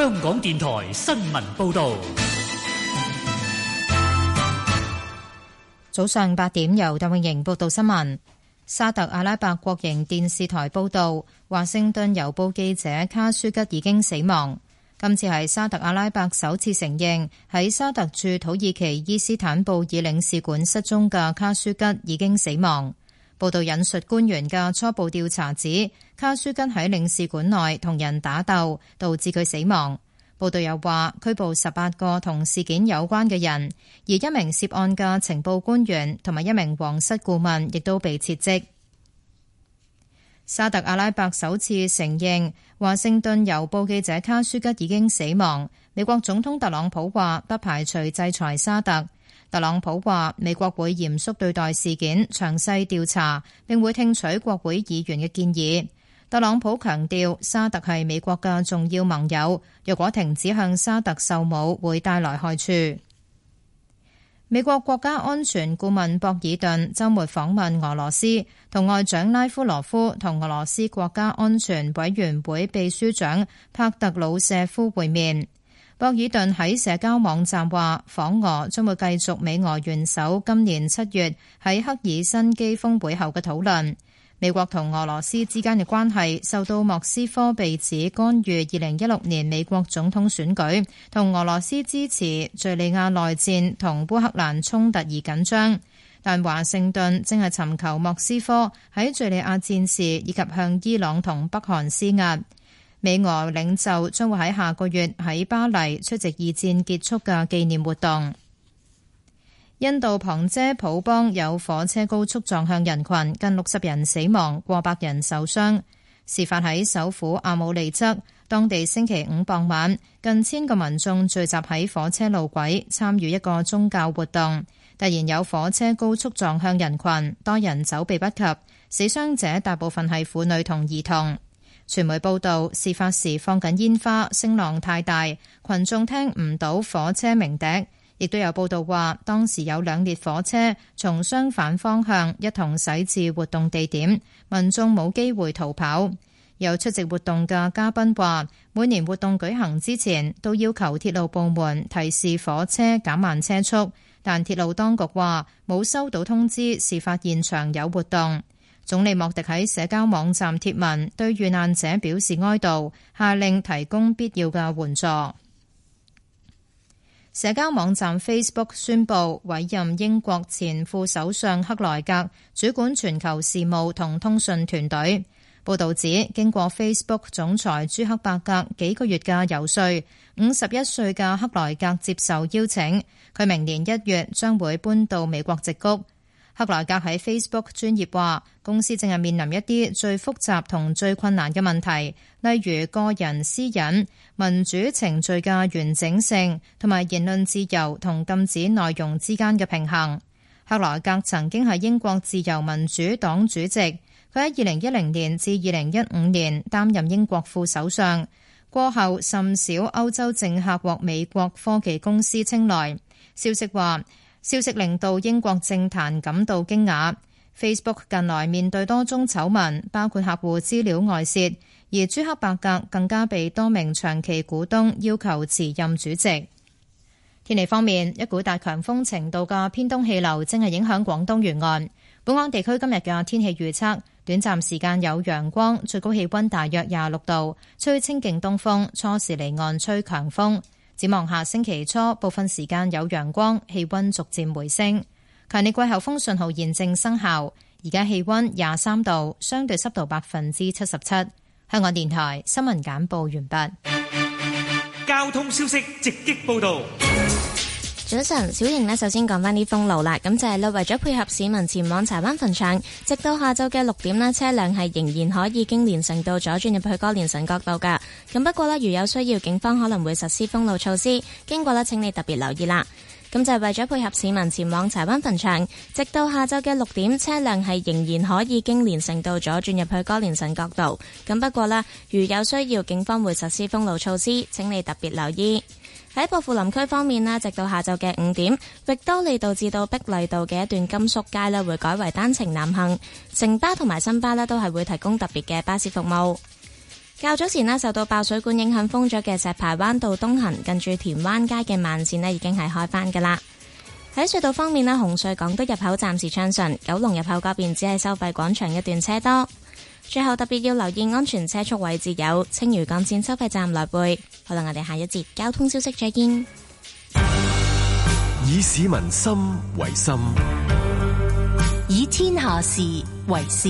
香港電台新聞報道，早上八點由鄧永瑩報道新聞。沙特阿拉伯國營電視台報道，華盛頓郵報記者卡舒吉已經死亡。今次係沙特阿拉伯首次承認喺沙特駐土耳其伊斯坦布爾領事館失蹤嘅卡舒吉已經死亡。報道引述官員嘅初步調查指，卡舒吉喺領事館內同人打鬥，導致佢死亡。報道又話拘捕十八個同事件有關嘅人，而一名涉案嘅情報官員同埋一名皇室顧問亦都被撤職。沙特阿拉伯首次承認華盛頓郵報記者卡舒吉已經死亡。美國總統特朗普話，不排除制裁沙特。特朗普話：美國會嚴肅對待事件，詳細調查，並會聽取國會議員嘅建議。特朗普強調，沙特係美國嘅重要盟友，若果停止向沙特售武，會帶來害處。美國國家安全顧問博爾頓週末訪問俄羅斯，同外長拉夫羅夫同俄羅斯國家安全委員會秘書長帕特魯舍夫會面。博爾頓喺社交網站話，訪俄將會繼續美俄元首今年七月喺赫爾辛基峰會後嘅討論。美國同俄羅斯之間嘅關係受到莫斯科被指干預二零一六年美國總統選舉，同俄羅斯支持敘利亞內戰同烏克蘭衝突而緊張。但華盛頓正係尋求莫斯科喺敘利亞戰事以及向伊朗同北韓施壓。美俄領袖將會喺下個月喺巴黎出席二戰結束嘅紀念活動。印度旁遮普邦有火車高速撞向人群，近六十人死亡，過百人受傷。事發喺首府阿姆利則，當地星期五傍晚，近千個民眾聚集喺火車路軌參與一個宗教活動，突然有火車高速撞向人群，多人走避不及，死傷者大部分係婦女同兒童。傳媒報道，事發時放緊煙花，聲浪太大，群眾聽唔到火車鳴笛。亦都有報道話，當時有兩列火車從相反方向一同駛至活動地點，民眾冇機會逃跑。有出席活動嘅嘉賓話，每年活動舉行之前都要求鐵路部門提示火車減慢車速，但鐵路當局話冇收到通知，事發現場有活動。總理莫迪喺社交網站貼文，對遇難者表示哀悼，下令提供必要嘅援助。社交網站 Facebook 宣布委任英國前副首相克萊格主管全球事務同通訊團隊。報道指，經過 Facebook 總裁朱克伯格幾個月嘅遊說，五十一歲嘅克萊格接受邀請，佢明年一月將會搬到美國矽谷。克萊格喺 Facebook 專頁話，公司正係面臨一啲最複雜同最困難嘅問題，例如個人私隱、民主程序嘅完整性，同埋言論自由同禁止內容之間嘅平衡。克萊格曾經係英國自由民主黨主席，佢喺二零一零年至二零一五年擔任英國副首相，過後甚少歐洲政客獲美國科技公司青睞。消息話。消息令到英國政壇感到驚訝。Facebook 近來面對多宗醜聞，包括客戶資料外泄，而朱克伯格更加被多名長期股東要求辭任主席。天氣方面，一股大強風程度嘅偏東氣流正係影響廣東沿岸。本港地區今日嘅天氣預測，短暫時間有陽光，最高氣温大約廿六度，吹清勁東風，初時離岸吹強風。展望下星期初，部分時間有陽光，氣温逐漸回升。強烈季候風信號現正生效，而家氣温廿三度，相對濕度百分之七十七。香港電台新聞簡報完畢。交通消息直擊報導。早晨，小瑩呢，首先講翻啲封路啦。咁就係為咗配合市民前往柴灣墳場，直到下晝嘅六點呢，車輛係仍然可以經連城道左轉入去歌連臣角道噶。咁不過呢，如有需要，警方可能會實施封路措施。經過呢，請你特別留意啦。咁就係為咗配合市民前往柴灣墳場，直到下晝嘅六點，車輛係仍然可以經連城道左轉入去歌連臣角道。咁不過啦，如有需要，警方會實施封路措施，請你特別留意。喺薄扶林區方面，直到下晝嘅五點，域多利道至到碧麗道嘅一段金粟街咧，會改為單程南行，城巴同埋新巴都係會提供特別嘅巴士服務。較早前受到爆水管影響封咗嘅石排灣道東行近住田灣街嘅慢綫已經係開返噶啦。喺隧道方面咧，紅隧港島入口暫時暢順，九龍入口嗰邊只係收費廣場一段車多。最後特別要留意安全車速位置有青嶼幹線收費站來回。好啦，我哋下一節交通消息再見。以市民心為心，以天下事為事。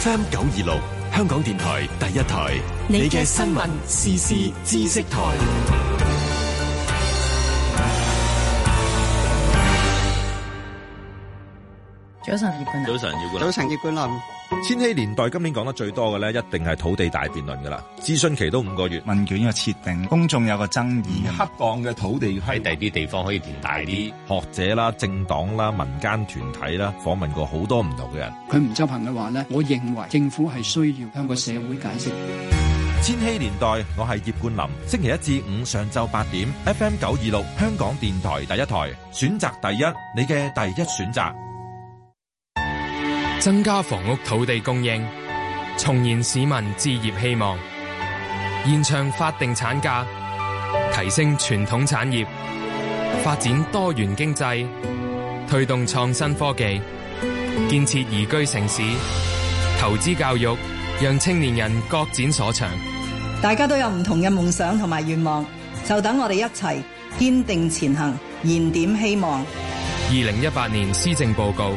FM 九二六，香港電台第一台，你嘅新聞時事知識台。早晨，葉冠林。早晨，葉冠,冠林。千禧年代今年講得最多嘅咧，一定係土地大辯論噶啦。諮詢期都五個月，問卷嘅設定，公眾有個爭議，恰當嘅土地喺第啲地方可以填大啲。學者啦、政黨啦、民間團體啦，訪問過好多唔同嘅人。佢唔執行嘅話咧，我認為政府係需要向個社會解釋。千禧年代，我係葉冠林。星期一至五上晝八點，FM 九二六香港電台第一台，選擇第一，你嘅第一選擇。增加房屋土地供應，重現市民置業希望；延長法定產假，提升傳統產業，發展多元經濟，推動創新科技，建設宜居城市，投資教育，讓青年人各展所長。大家都有唔同嘅夢想同埋願望，就等我哋一齊堅定前行，燃點希望。二零一八年施政報告。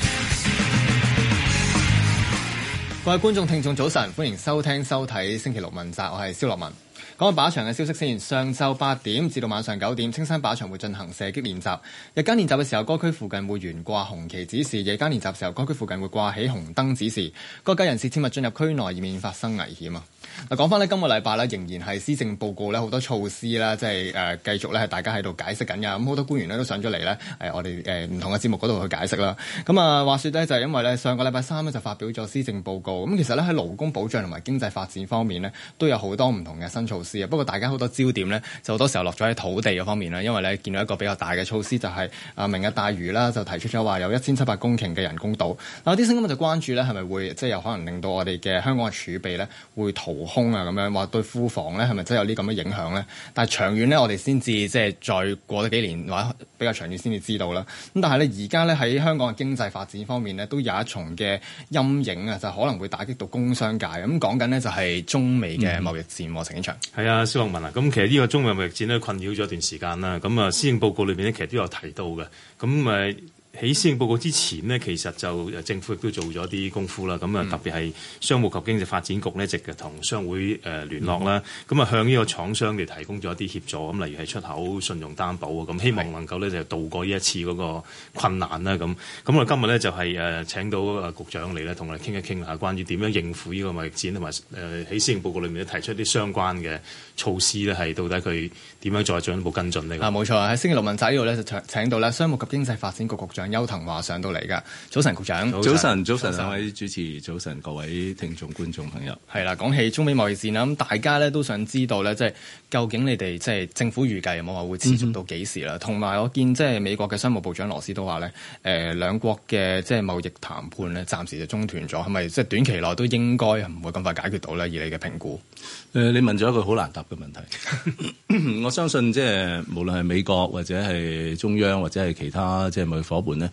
各位觀眾、聽眾早晨，歡迎收聽、收睇星期六問責，我係蕭樂文。講下靶場嘅消息先，上晝八點至到晚上九點，青山靶場會進行射擊練習。日間練習嘅時候，該區附近會懸掛紅旗指示；夜間練習嘅時候，該區附近會掛起紅燈指示。各界人士切勿進入區內，以免發生危險啊！嗱，講翻呢，今個禮拜咧仍然係施政報告咧，好多措施啦，即係誒、呃、繼續咧係大家喺度解釋緊嘅。咁好多官員咧都上咗嚟咧，誒我哋誒唔同嘅節目嗰度去解釋啦。咁啊話説咧，就係因為咧上個禮拜三咧就發表咗施政報告。咁其實咧喺勞工保障同埋經濟發展方面咧都有好多唔同嘅新措施。不過大家好多焦點咧就好多時候落咗喺土地嗰方面啦，因為咧見到一個比較大嘅措施就係啊明日大嶼啦，就提出咗話有一千七百公頃嘅人工島。嗱，有啲聲音就關注咧係咪會即係有可能令到我哋嘅香港嘅儲備咧會無空啊！咁樣話對庫房咧，係咪真係有啲咁嘅影響咧？但係長遠咧，我哋先至即係再過咗幾年，或者比較長遠先至知道啦。咁但係咧，而家咧喺香港嘅經濟發展方面咧，都有一重嘅陰影啊，就可能會打擊到工商界啊。咁講緊呢，就係中美嘅貿易戰喎，陳景祥。係啊，蕭、嗯、學、啊、文啊，咁其實呢個中美貿易戰咧困擾咗一段時間啦。咁啊，施政報告裏邊咧其實都有提到嘅咁誒。喺施政報告之前呢，其實就政府亦都做咗啲功夫啦。咁、嗯、啊，特別係商務及經濟發展局呢，一直同商會誒聯絡啦。咁、嗯、啊，向呢個廠商嚟提供咗一啲協助。咁例如係出口信用擔保啊，咁希望能夠呢，就度過呢一次嗰個困難啦。咁咁我今日呢，就係誒請到啊局長嚟呢，同我哋傾一傾下關於點樣應付呢個貿易戰，同埋誒喺施政報告裏面提出啲相關嘅措施呢，係到底佢點樣再進一步跟進呢？啊，冇錯，喺星期六問責度呢，就請到啦商務及經濟發展局局長。邱騰華上到嚟噶。早晨局長，早晨，早晨。早上，早上，三位主持，早晨各位聽眾觀眾朋友。係啦，講起中美貿易戰啊，咁大家咧都想知道咧，即係究竟你哋即係政府預計有冇話會持續到幾時啦？同、嗯、埋我見即係美國嘅商務部長羅斯都話咧，誒，兩國嘅即係貿易談判咧暫時就中斷咗，係咪即係短期內都應該唔會咁快解決到咧？以你嘅評估？誒、呃，你問咗一個好難答嘅問題， 我相信即係無論係美國或者係中央或者係其他即係貿易伙伴。咧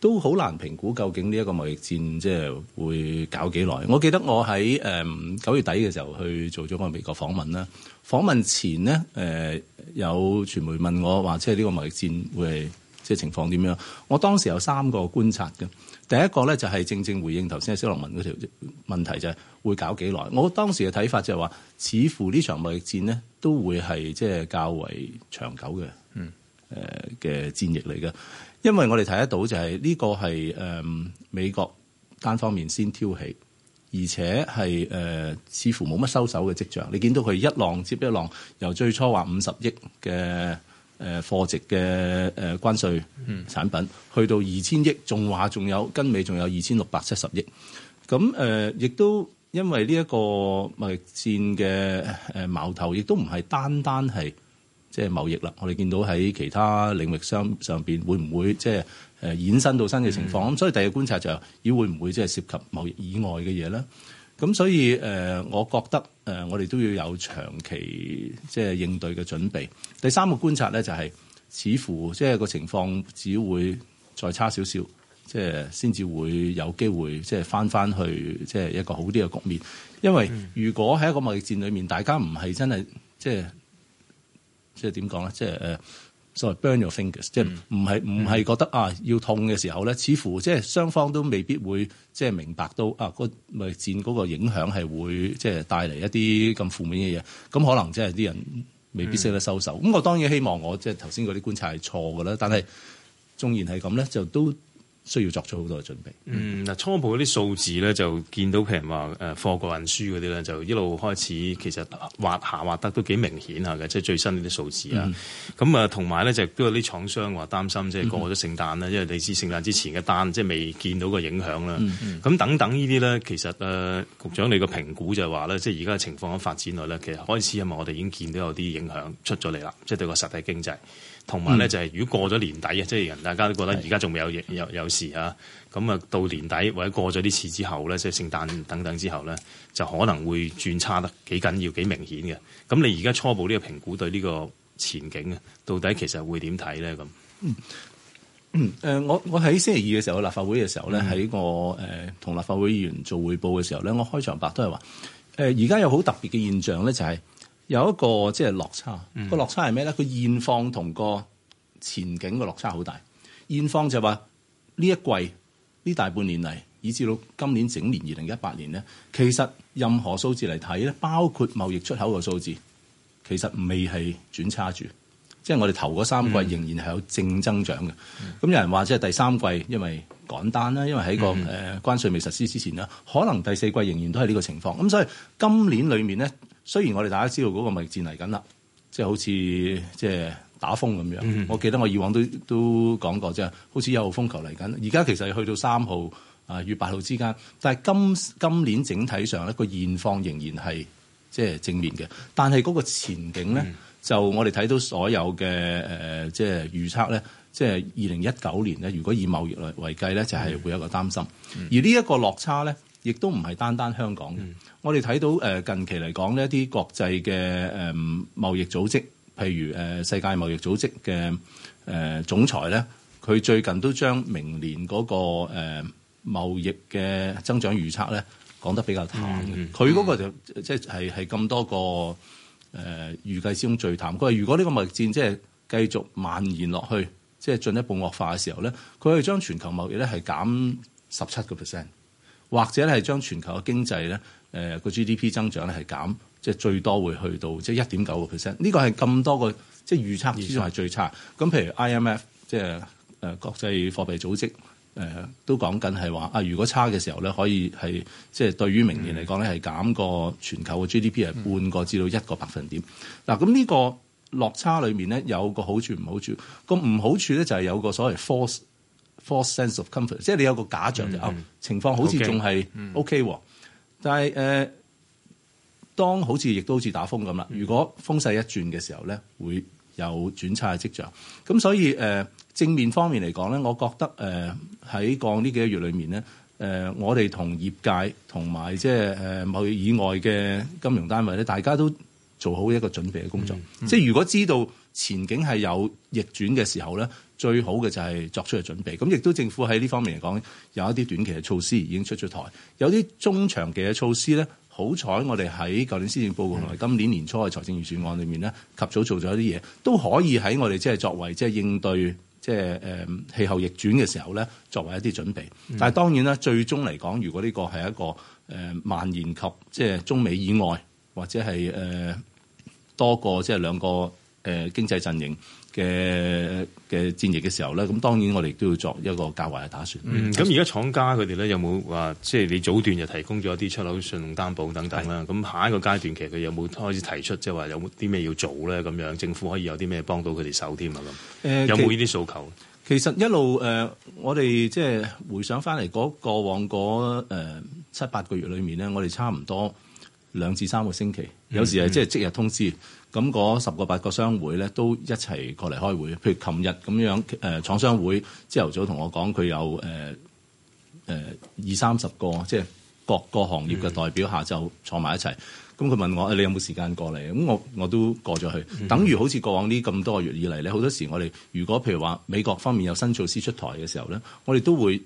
都好難評估究竟呢一個貿易戰即係會搞幾耐？我記得我喺誒九月底嘅時候去做咗個美國訪問啦。訪問前呢，誒有傳媒問我話，即係呢個貿易戰會係即係、就是、情況點樣？我當時有三個觀察嘅，第一個咧就係正正回應頭先小羅文嗰條問題，就係、是、會搞幾耐。我當時嘅睇法就係話，似乎呢場貿易戰呢都會係即係較為長久嘅，嗯誒嘅、呃、戰役嚟嘅。因為我哋睇得到就係呢個係誒、嗯、美國單方面先挑起，而且係、呃、似乎冇乜收手嘅跡象。你見到佢一浪接一浪，由最初話五十億嘅誒、呃、貨值嘅誒、呃、關稅產品，去到二千億，仲話仲有跟尾仲有二千六百七十億。咁誒亦都因為呢一個貿戰嘅矛頭，亦都唔係單單係。即係貿易啦，我哋見到喺其他領域上上邊會唔會即係誒衍生到新嘅情況？咁、嗯、所以第二觀察就係、是，咦會唔會即係涉及貿易以外嘅嘢咧？咁所以誒、呃，我覺得誒、呃，我哋都要有長期即、就、係、是、應對嘅準備。第三個觀察咧就係、是，似乎即係個情況只會再差少少，即係先至會有機會即係返返去即係一個好啲嘅局面。因為如果喺一個貿易戰裏面，大家唔係真係即係。就是即係點講咧？即係 sorry burn your fingers，、嗯、即係唔係唔係覺得啊，要痛嘅時候咧，似乎即係雙方都未必會即係明白到啊，那個貿易戰嗰個影響係會即係帶嚟一啲咁負面嘅嘢，咁可能即係啲人未必識得收手。咁、嗯、我當然希望我即係頭先嗰啲觀察係錯嘅啦，但係縱然係咁咧，就都，需要作出好多嘅準備、嗯。嗯，嗱初步嗰啲數字咧就見到，譬如話誒貨櫃運輸嗰啲咧，就一路開始其實滑下，滑得都幾明顯下嘅，即係最新呢啲數字啊。咁、嗯、啊，同埋咧就都有啲廠商話擔心，即係過咗聖誕咧，嗯、因為你知聖誕之前嘅單即係未見到個影響啦。咁、嗯嗯、等等呢啲咧，其實誒、啊、局長你個評估就係話咧，即係而家嘅情況喺發展內咧，其實開始因為，我哋已經見到有啲影響出咗嚟啦，即係對個實體經濟。同埋咧，就係如果過咗年底、嗯、啊，即係大家都覺得而家仲未有有有事啊，咁啊到年底或者過咗呢次之後咧，即係聖誕等等之後咧，就可能會轉差得幾緊要、幾明顯嘅。咁你而家初步呢個評估對呢個前景，到底其實會點睇咧？咁、嗯嗯、我我喺星期二嘅時候，立法會嘅時候咧，喺、嗯、我同、呃、立法會議員做匯報嘅時候咧，我開場白都係話而家有好特別嘅現象咧，就係、是。有一個即係落差，個落差係咩咧？佢現況同個前景個落差好大。現況就話呢一季，呢大半年嚟，以至到今年整年二零一八年咧，其實任何數字嚟睇咧，包括貿易出口個數字，其實未係轉差住。即係我哋頭嗰三季仍然係有正增長嘅。咁、嗯、有人話即係第三季，因為趕單啦，因為喺個誒關稅未實施之前啦、嗯，可能第四季仍然都係呢個情況。咁所以今年裏面咧。雖然我哋大家知道嗰個貿易戰嚟緊啦，即係好似即係打風咁樣、嗯。我記得我以往都都講過，即係好似一號風球嚟緊。而家其實去到三號啊，月八號之間。但係今今年整體上咧，個現況仍然係即係正面嘅。但係嗰個前景咧、嗯，就我哋睇到所有嘅即係預測咧，即係二零一九年咧，如果以貿易嚟為計咧，就係會有一個擔心。嗯、而呢一個落差咧。亦都唔係單單香港嘅。我哋睇到誒近期嚟講呢一啲國際嘅誒貿易組織，譬如誒世界貿易組織嘅誒總裁咧，佢最近都將明年嗰個誒貿易嘅增長預測咧講得比較淡。佢嗰、嗯嗯、個就即係係咁多個誒預計之中最淡。佢話如果呢個貿易戰即係繼續蔓延落去，即係進一步惡化嘅時候咧，佢可以將全球貿易咧係減十七個 percent。或者咧係將全球嘅經濟咧，誒、呃、個 GDP 增長咧係減，即、就、係、是、最多會去到即係一點九個 percent。呢個係咁多個即係預測之中係最差。咁譬如 IMF 即係誒國際貨幣組織誒、呃、都講緊係話啊，如果差嘅時候咧，可以係即係對於明年嚟講咧係、嗯、減過全球嘅 GDP 係半個至到一個百分點。嗱，咁呢個落差裡面咧，有個好處唔好處，個唔好處咧就係有個所謂 force。sense of comfort，即係你有個假象就、mm -hmm. 哦、情況好似仲係 OK，okay.、Mm -hmm. 但係誒、呃，當好似亦都好似打風咁啦。Mm -hmm. 如果風勢一轉嘅時候咧，會有轉差嘅跡象。咁所以誒、呃，正面方面嚟講咧，我覺得誒喺、呃、過呢幾個月裡面咧，誒、呃、我哋同業界同埋即係誒貿易以外嘅金融單位咧，大家都做好一個準備嘅工作。Mm -hmm. 即係如果知道。前景係有逆轉嘅時候咧，最好嘅就係作出嘅準備。咁亦都政府喺呢方面嚟講，有一啲短期嘅措施已經出咗台，有啲中長期嘅措施咧，好彩我哋喺舊年施政報告同埋今年年初嘅財政預算案裏面咧，及早做咗啲嘢，都可以喺我哋即係作為即係應對即係誒氣候逆轉嘅時候咧，作為一啲準備。嗯、但係當然啦，最終嚟講，如果呢個係一個誒蔓延及即係中美以外或者係誒多過即係兩個，誒經濟陣營嘅嘅戰役嘅時候咧，咁當然我哋都要作一個較為嘅打算。嗯，咁而家廠家佢哋咧有冇話即係你早段就提供咗啲出口信用擔保等等啦？咁下一個階段其實佢有冇開始提出即係話有冇啲咩要做咧？咁樣政府可以有啲咩幫到佢哋手添啊？咁、呃、有冇呢啲訴求？其實一路誒、呃，我哋即係回想翻嚟嗰過往嗰、呃、七八個月裏面咧，我哋差唔多兩至三個星期，嗯、有時係即係即，即日通知。嗯咁嗰十個八個商會咧，都一齊過嚟開會。譬如琴日咁樣，誒、呃、廠商會朝頭早同我講，佢、呃、有、呃、二三十個，即、就、係、是、各個行業嘅代表下就，下晝坐埋一齊。咁佢問我誒你有冇時間過嚟？咁我我都過咗去、嗯。等於好似過往呢咁多個月以嚟咧，好多時我哋如果譬如話美國方面有新措施出台嘅時候咧，我哋都會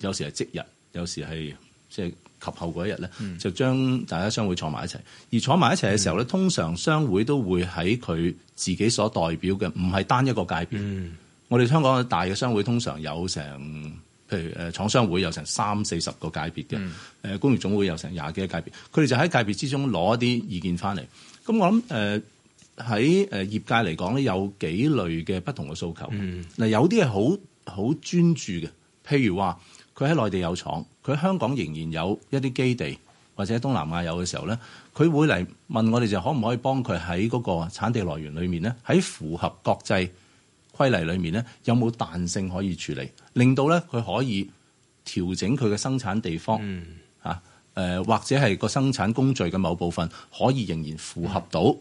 有時係即日，有時係即係。及後嗰一日咧，就將大家商會坐埋一齊。而坐埋一齊嘅時候咧、嗯，通常商會都會喺佢自己所代表嘅，唔係單一個界別。嗯、我哋香港大嘅商會通常有成，譬如誒廠商會有成三四十個界別嘅，誒、嗯、工業總會有成廿幾個界別。佢哋就喺界別之中攞一啲意見翻嚟。咁我諗喺誒業界嚟講咧，有幾類嘅不同嘅訴求。嗱、嗯，有啲係好好專注嘅，譬如話。佢喺內地有廠，佢喺香港仍然有一啲基地或者東南亞有嘅時候咧，佢會嚟問我哋就可唔可以幫佢喺嗰個產地來源裏面咧，喺符合國際規例裏面咧，有冇彈性可以處理，令到咧佢可以調整佢嘅生產地方、嗯、或者係個生產工序嘅某部分可以仍然符合到、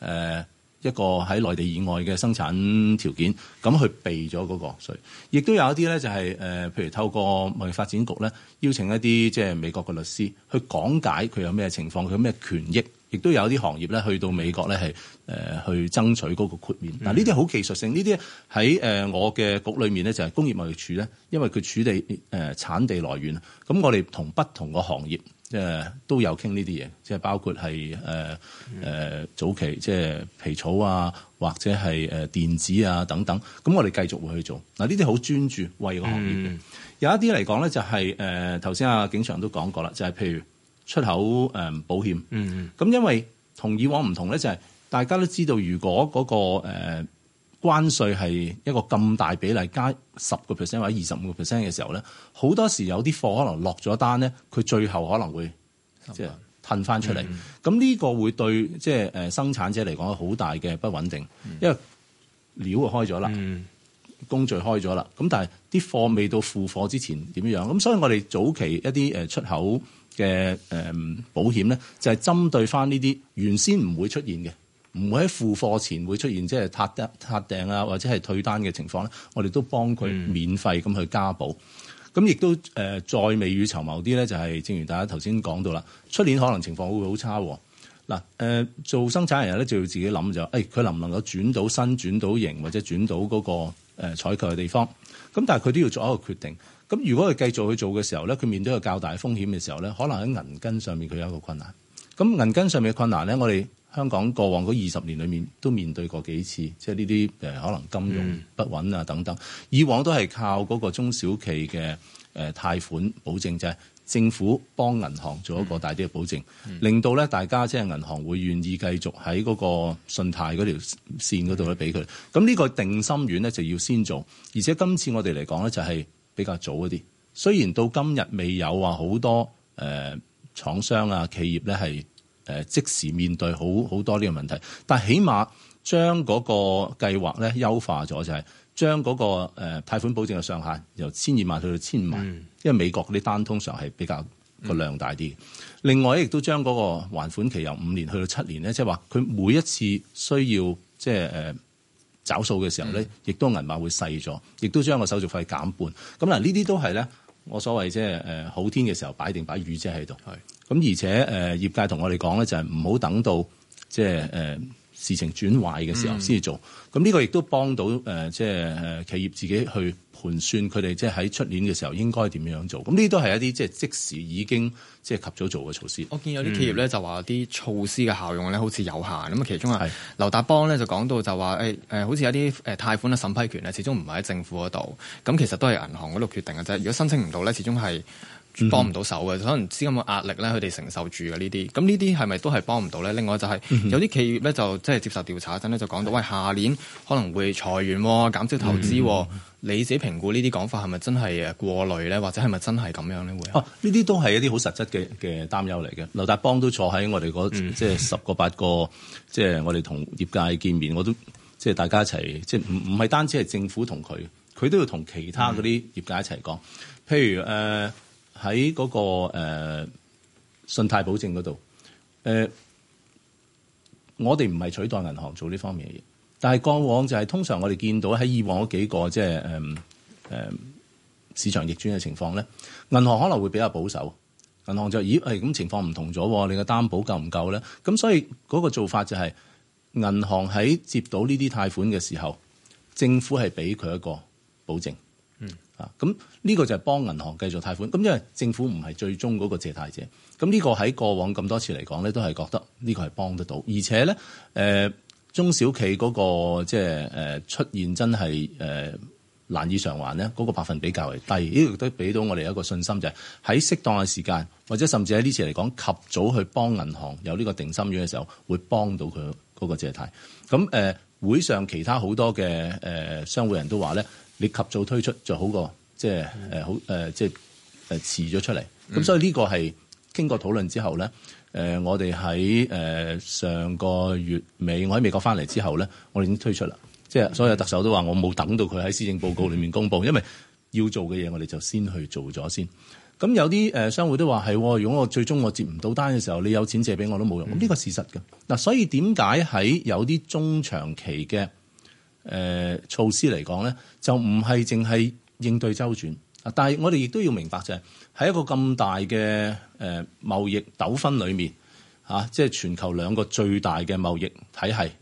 嗯呃一個喺內地以外嘅生產條件，咁去避咗嗰個稅，亦都有一啲咧就係、是、誒，譬如透過貿易發展局咧，邀請一啲即係美國嘅律師去講解佢有咩情況，佢有咩權益，亦都有啲行業咧去到美國咧係、呃、去爭取嗰個豁免。嗱，呢啲好技術性，呢啲喺誒我嘅局裏面咧就係工業貿易處咧，因為佢處地誒、呃、產地來源，咁我哋同不同個行業。即係都有傾呢啲嘢，即係包括係、呃 mm. 呃、早期，即係皮草啊，或者係誒電子啊等等。咁我哋繼續會去做。嗱，呢啲好專注為個行業、mm. 有一啲嚟講咧、就係呃，就係誒頭先阿景祥都講過啦，就係譬如出口誒、呃、保險。咁、mm. 因為同以往唔同咧，就係大家都知道，如果嗰、嗰個、呃關稅係一個咁大比例加十個 percent 或者二十五個 percent 嘅時候咧，好多時有啲貨可能落咗單咧，佢最後可能會即係褪翻出嚟。咁、嗯、呢個會對即係誒生產者嚟講好大嘅不穩定，因為料啊開咗啦，工序開咗啦。咁、嗯、但係啲貨未到付貨之前點樣樣？咁所以我哋早期一啲誒出口嘅誒保險咧，就係、是、針對翻呢啲原先唔會出現嘅。唔會喺付貨前會出現即係撻訂、撻訂啊，或者係退單嘅情況咧。我哋都幫佢免費咁去加保。咁、嗯、亦都誒、呃、再未雨綢繆啲咧，就係、是、正如大家頭先講到啦，出年可能情況會好差、啊。嗱、呃、誒，做生產人咧就要自己諗就，誒、哎、佢能唔能夠轉到新、轉到型或者轉到嗰、那個誒採購嘅地方？咁但係佢都要做一個決定。咁如果佢繼續去做嘅時候咧，佢面對一個較大風險嘅時候咧，可能喺銀根上面佢有一個困難。咁銀根上面嘅困難咧，我哋。香港過往嗰二十年裏面都面對過幾次，即係呢啲誒可能金融不穩啊等等、嗯。以往都係靠嗰個中小企嘅誒貸款保證啫，就係、政府幫銀行做一個大啲嘅保證、嗯、令到咧大家即係銀行會願意繼續喺嗰個信貸嗰條線嗰度咧俾佢。咁、嗯、呢個定心丸咧就要先做，而且今次我哋嚟講咧就係比較早一啲，雖然到今日未有話好多誒廠、呃、商啊企業咧係。誒即時面對好好多呢個問題，但係起碼將嗰個計劃咧優化咗、那個，就係將嗰個誒貸款保證嘅上限由千二萬去到千萬、嗯，因為美國啲單通常係比較個量大啲、嗯。另外，亦都將嗰個還款期由五年去到七年咧，即係話佢每一次需要即係誒找數嘅時候咧，亦、嗯、都銀碼會細咗，亦都將個手續費減半。咁嗱，呢啲都係咧，我所謂即係誒好天嘅時候擺定擺雨遮喺度。咁而且誒、呃、業界同我哋講咧，就係唔好等到即係誒事情轉壞嘅時候先做。咁、嗯、呢個亦都幫到即係、呃呃、企業自己去盤算佢哋即係喺出年嘅時候應該點樣做。咁呢都係一啲即係即時已經即係及早做嘅措施。我見有啲企業咧就話啲措施嘅效用咧好似有限。咁、嗯、啊，其中啊，劉達邦咧就講到就話誒、哎、好似有啲誒貸款嘅審批權咧，始終唔係喺政府嗰度，咁其實都係銀行嗰度決定嘅啫。如果申請唔到咧，始終係，幫唔到手嘅，可能資金嘅壓力咧，佢哋承受住嘅呢啲咁呢啲係咪都係幫唔到咧？另外就係、是、有啲企業咧，就即、是、係接受調查嗰陣咧，就講到喂，下年可能會裁員，減少投資。嗯、你自己評估是是呢啲講法係咪真係誒過慮咧，或者係咪真係咁樣咧？會、啊、哦，呢啲都係一啲好實質嘅嘅擔憂嚟嘅。劉達邦都坐喺我哋嗰即係十個八個，即、就、係、是、我哋同業界見面，我都即係、就是、大家一齊即係唔唔係單止係政府同佢，佢都要同其他嗰啲業界一齊講、嗯。譬如誒。呃喺嗰個誒信貸保證嗰度，誒我哋唔係取代銀行做呢方面嘅嘢，但係過往就係通常我哋見到喺以往嗰幾個即係誒誒市場逆轉嘅情況咧，銀行可能會比較保守，銀行就咦誒咁情況唔同咗，你嘅擔保夠唔夠咧？咁所以嗰個做法就係銀行喺接到呢啲貸款嘅時候，政府係俾佢一個保證。啊，咁呢個就係幫銀行繼續貸款，咁因為政府唔係最終嗰個借貸者，咁、這、呢個喺過往咁多次嚟講咧，都係覺得呢個係幫得到，而且咧，誒、呃、中小企嗰、那個即係誒出現真係誒、呃、難以償還咧，嗰、那個百分比較為低，呢亦都俾到我哋一個信心，就係喺適當嘅時間，或者甚至喺呢次嚟講及早去幫銀行有呢個定心丸嘅時候，會幫到佢嗰個借貸。咁、嗯、誒、呃、會上其他好多嘅誒、呃、商戶人都話咧。你及早推出就好過，即係誒好誒，即係誒遲咗出嚟。咁所以呢個係經過討論之後咧，誒我哋喺誒上個月尾，我喺美國翻嚟之後咧，我哋已經推出啦。即係所有特首都話，我冇等到佢喺施政報告裏面公布，因為要做嘅嘢，我哋就先去做咗先。咁有啲誒商會都話係，如果我最終我接唔到單嘅時候，你有錢借俾我都冇用。咁呢個事實㗎嗱，所以點解喺有啲中長期嘅，誒措施嚟講咧，就唔係淨係應對周轉啊！但係我哋亦都要明白就係、是，喺一個咁大嘅誒貿易糾紛裡面嚇，即、就、係、是、全球兩個最大嘅貿易體系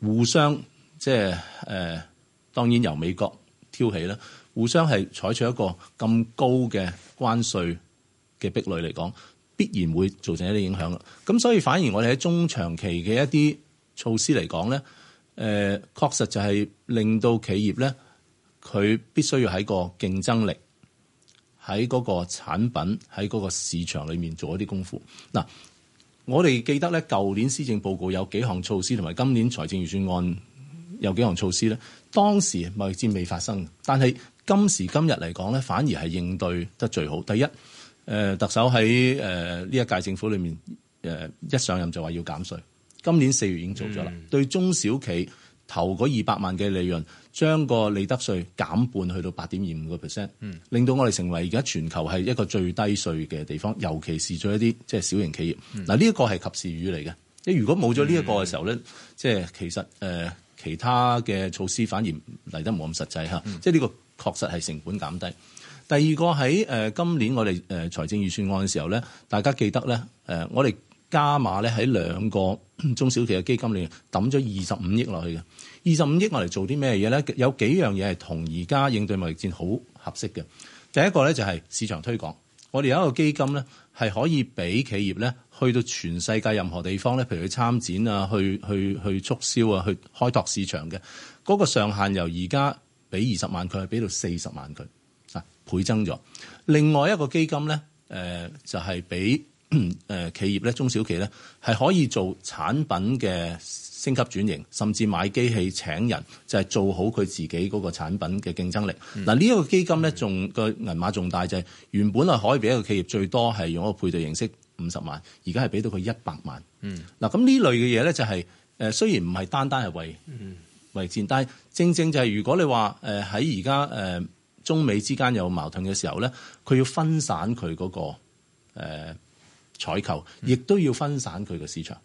互相即係誒，當然由美國挑起啦，互相係採取一個咁高嘅關稅嘅壁壘嚟講，必然會造成一啲影響啦。咁所以反而我哋喺中長期嘅一啲措施嚟講咧。誒、呃，確實就係令到企業咧，佢必須要喺個競爭力，喺嗰個產品，喺嗰個市場裏面做一啲功夫。嗱，我哋記得咧，舊年施政報告有幾項措施，同埋今年財政預算案有幾項措施咧。當時貿易戰未發生，但係今時今日嚟講咧，反而係應對得最好。第一，誒、呃，特首喺誒呢一屆政府裏面，誒、呃、一上任就話要減稅。今年四月已經做咗啦、嗯，對中小企投嗰二百萬嘅利潤將個利得稅減半去到八點二五個 percent，令到我哋成為而家全球係一個最低稅嘅地方，尤其是做一啲即係小型企業。嗱呢一個係及時雨嚟嘅，即係如果冇咗呢一個嘅時候咧，即、嗯、係其實其他嘅措施反而嚟得冇咁實際嚇，即係呢個確實係成本減低。第二個喺今年我哋誒財政預算案嘅時候咧，大家記得咧我哋。加碼咧喺兩個中小企嘅基金裏抌咗二十五億落去嘅，二十五億落嚟，做啲咩嘢咧？有幾樣嘢係同而家應對貿易戰好合適嘅。第一個咧就係市場推廣，我哋有一個基金咧係可以俾企業咧去到全世界任何地方咧，譬如去參展啊，去去去，去促銷啊、去開拓市場嘅。嗰、嗰個上限由而家俾二十萬佢，係俾到四十萬佢啊，倍增咗。另外一個基金咧，誒就係俾。誒企業咧，中小企咧，係可以做產品嘅升級轉型，甚至買機器請人，就係、是、做好佢自己嗰個產品嘅競爭力。嗱、嗯，呢、這、一個基金咧，仲個銀碼仲大就係、是、原本係可以俾一個企業最多係用一個配對形式五十萬，而家係俾到佢一百萬。嗯，嗱，咁呢類嘅嘢咧就係、是、誒，雖然唔係單單係為、嗯、為戰，但係正正就係如果你話誒喺而家誒中美之間有矛盾嘅時候咧，佢要分散佢嗰、那個誒。呃採購亦都要分散佢個市場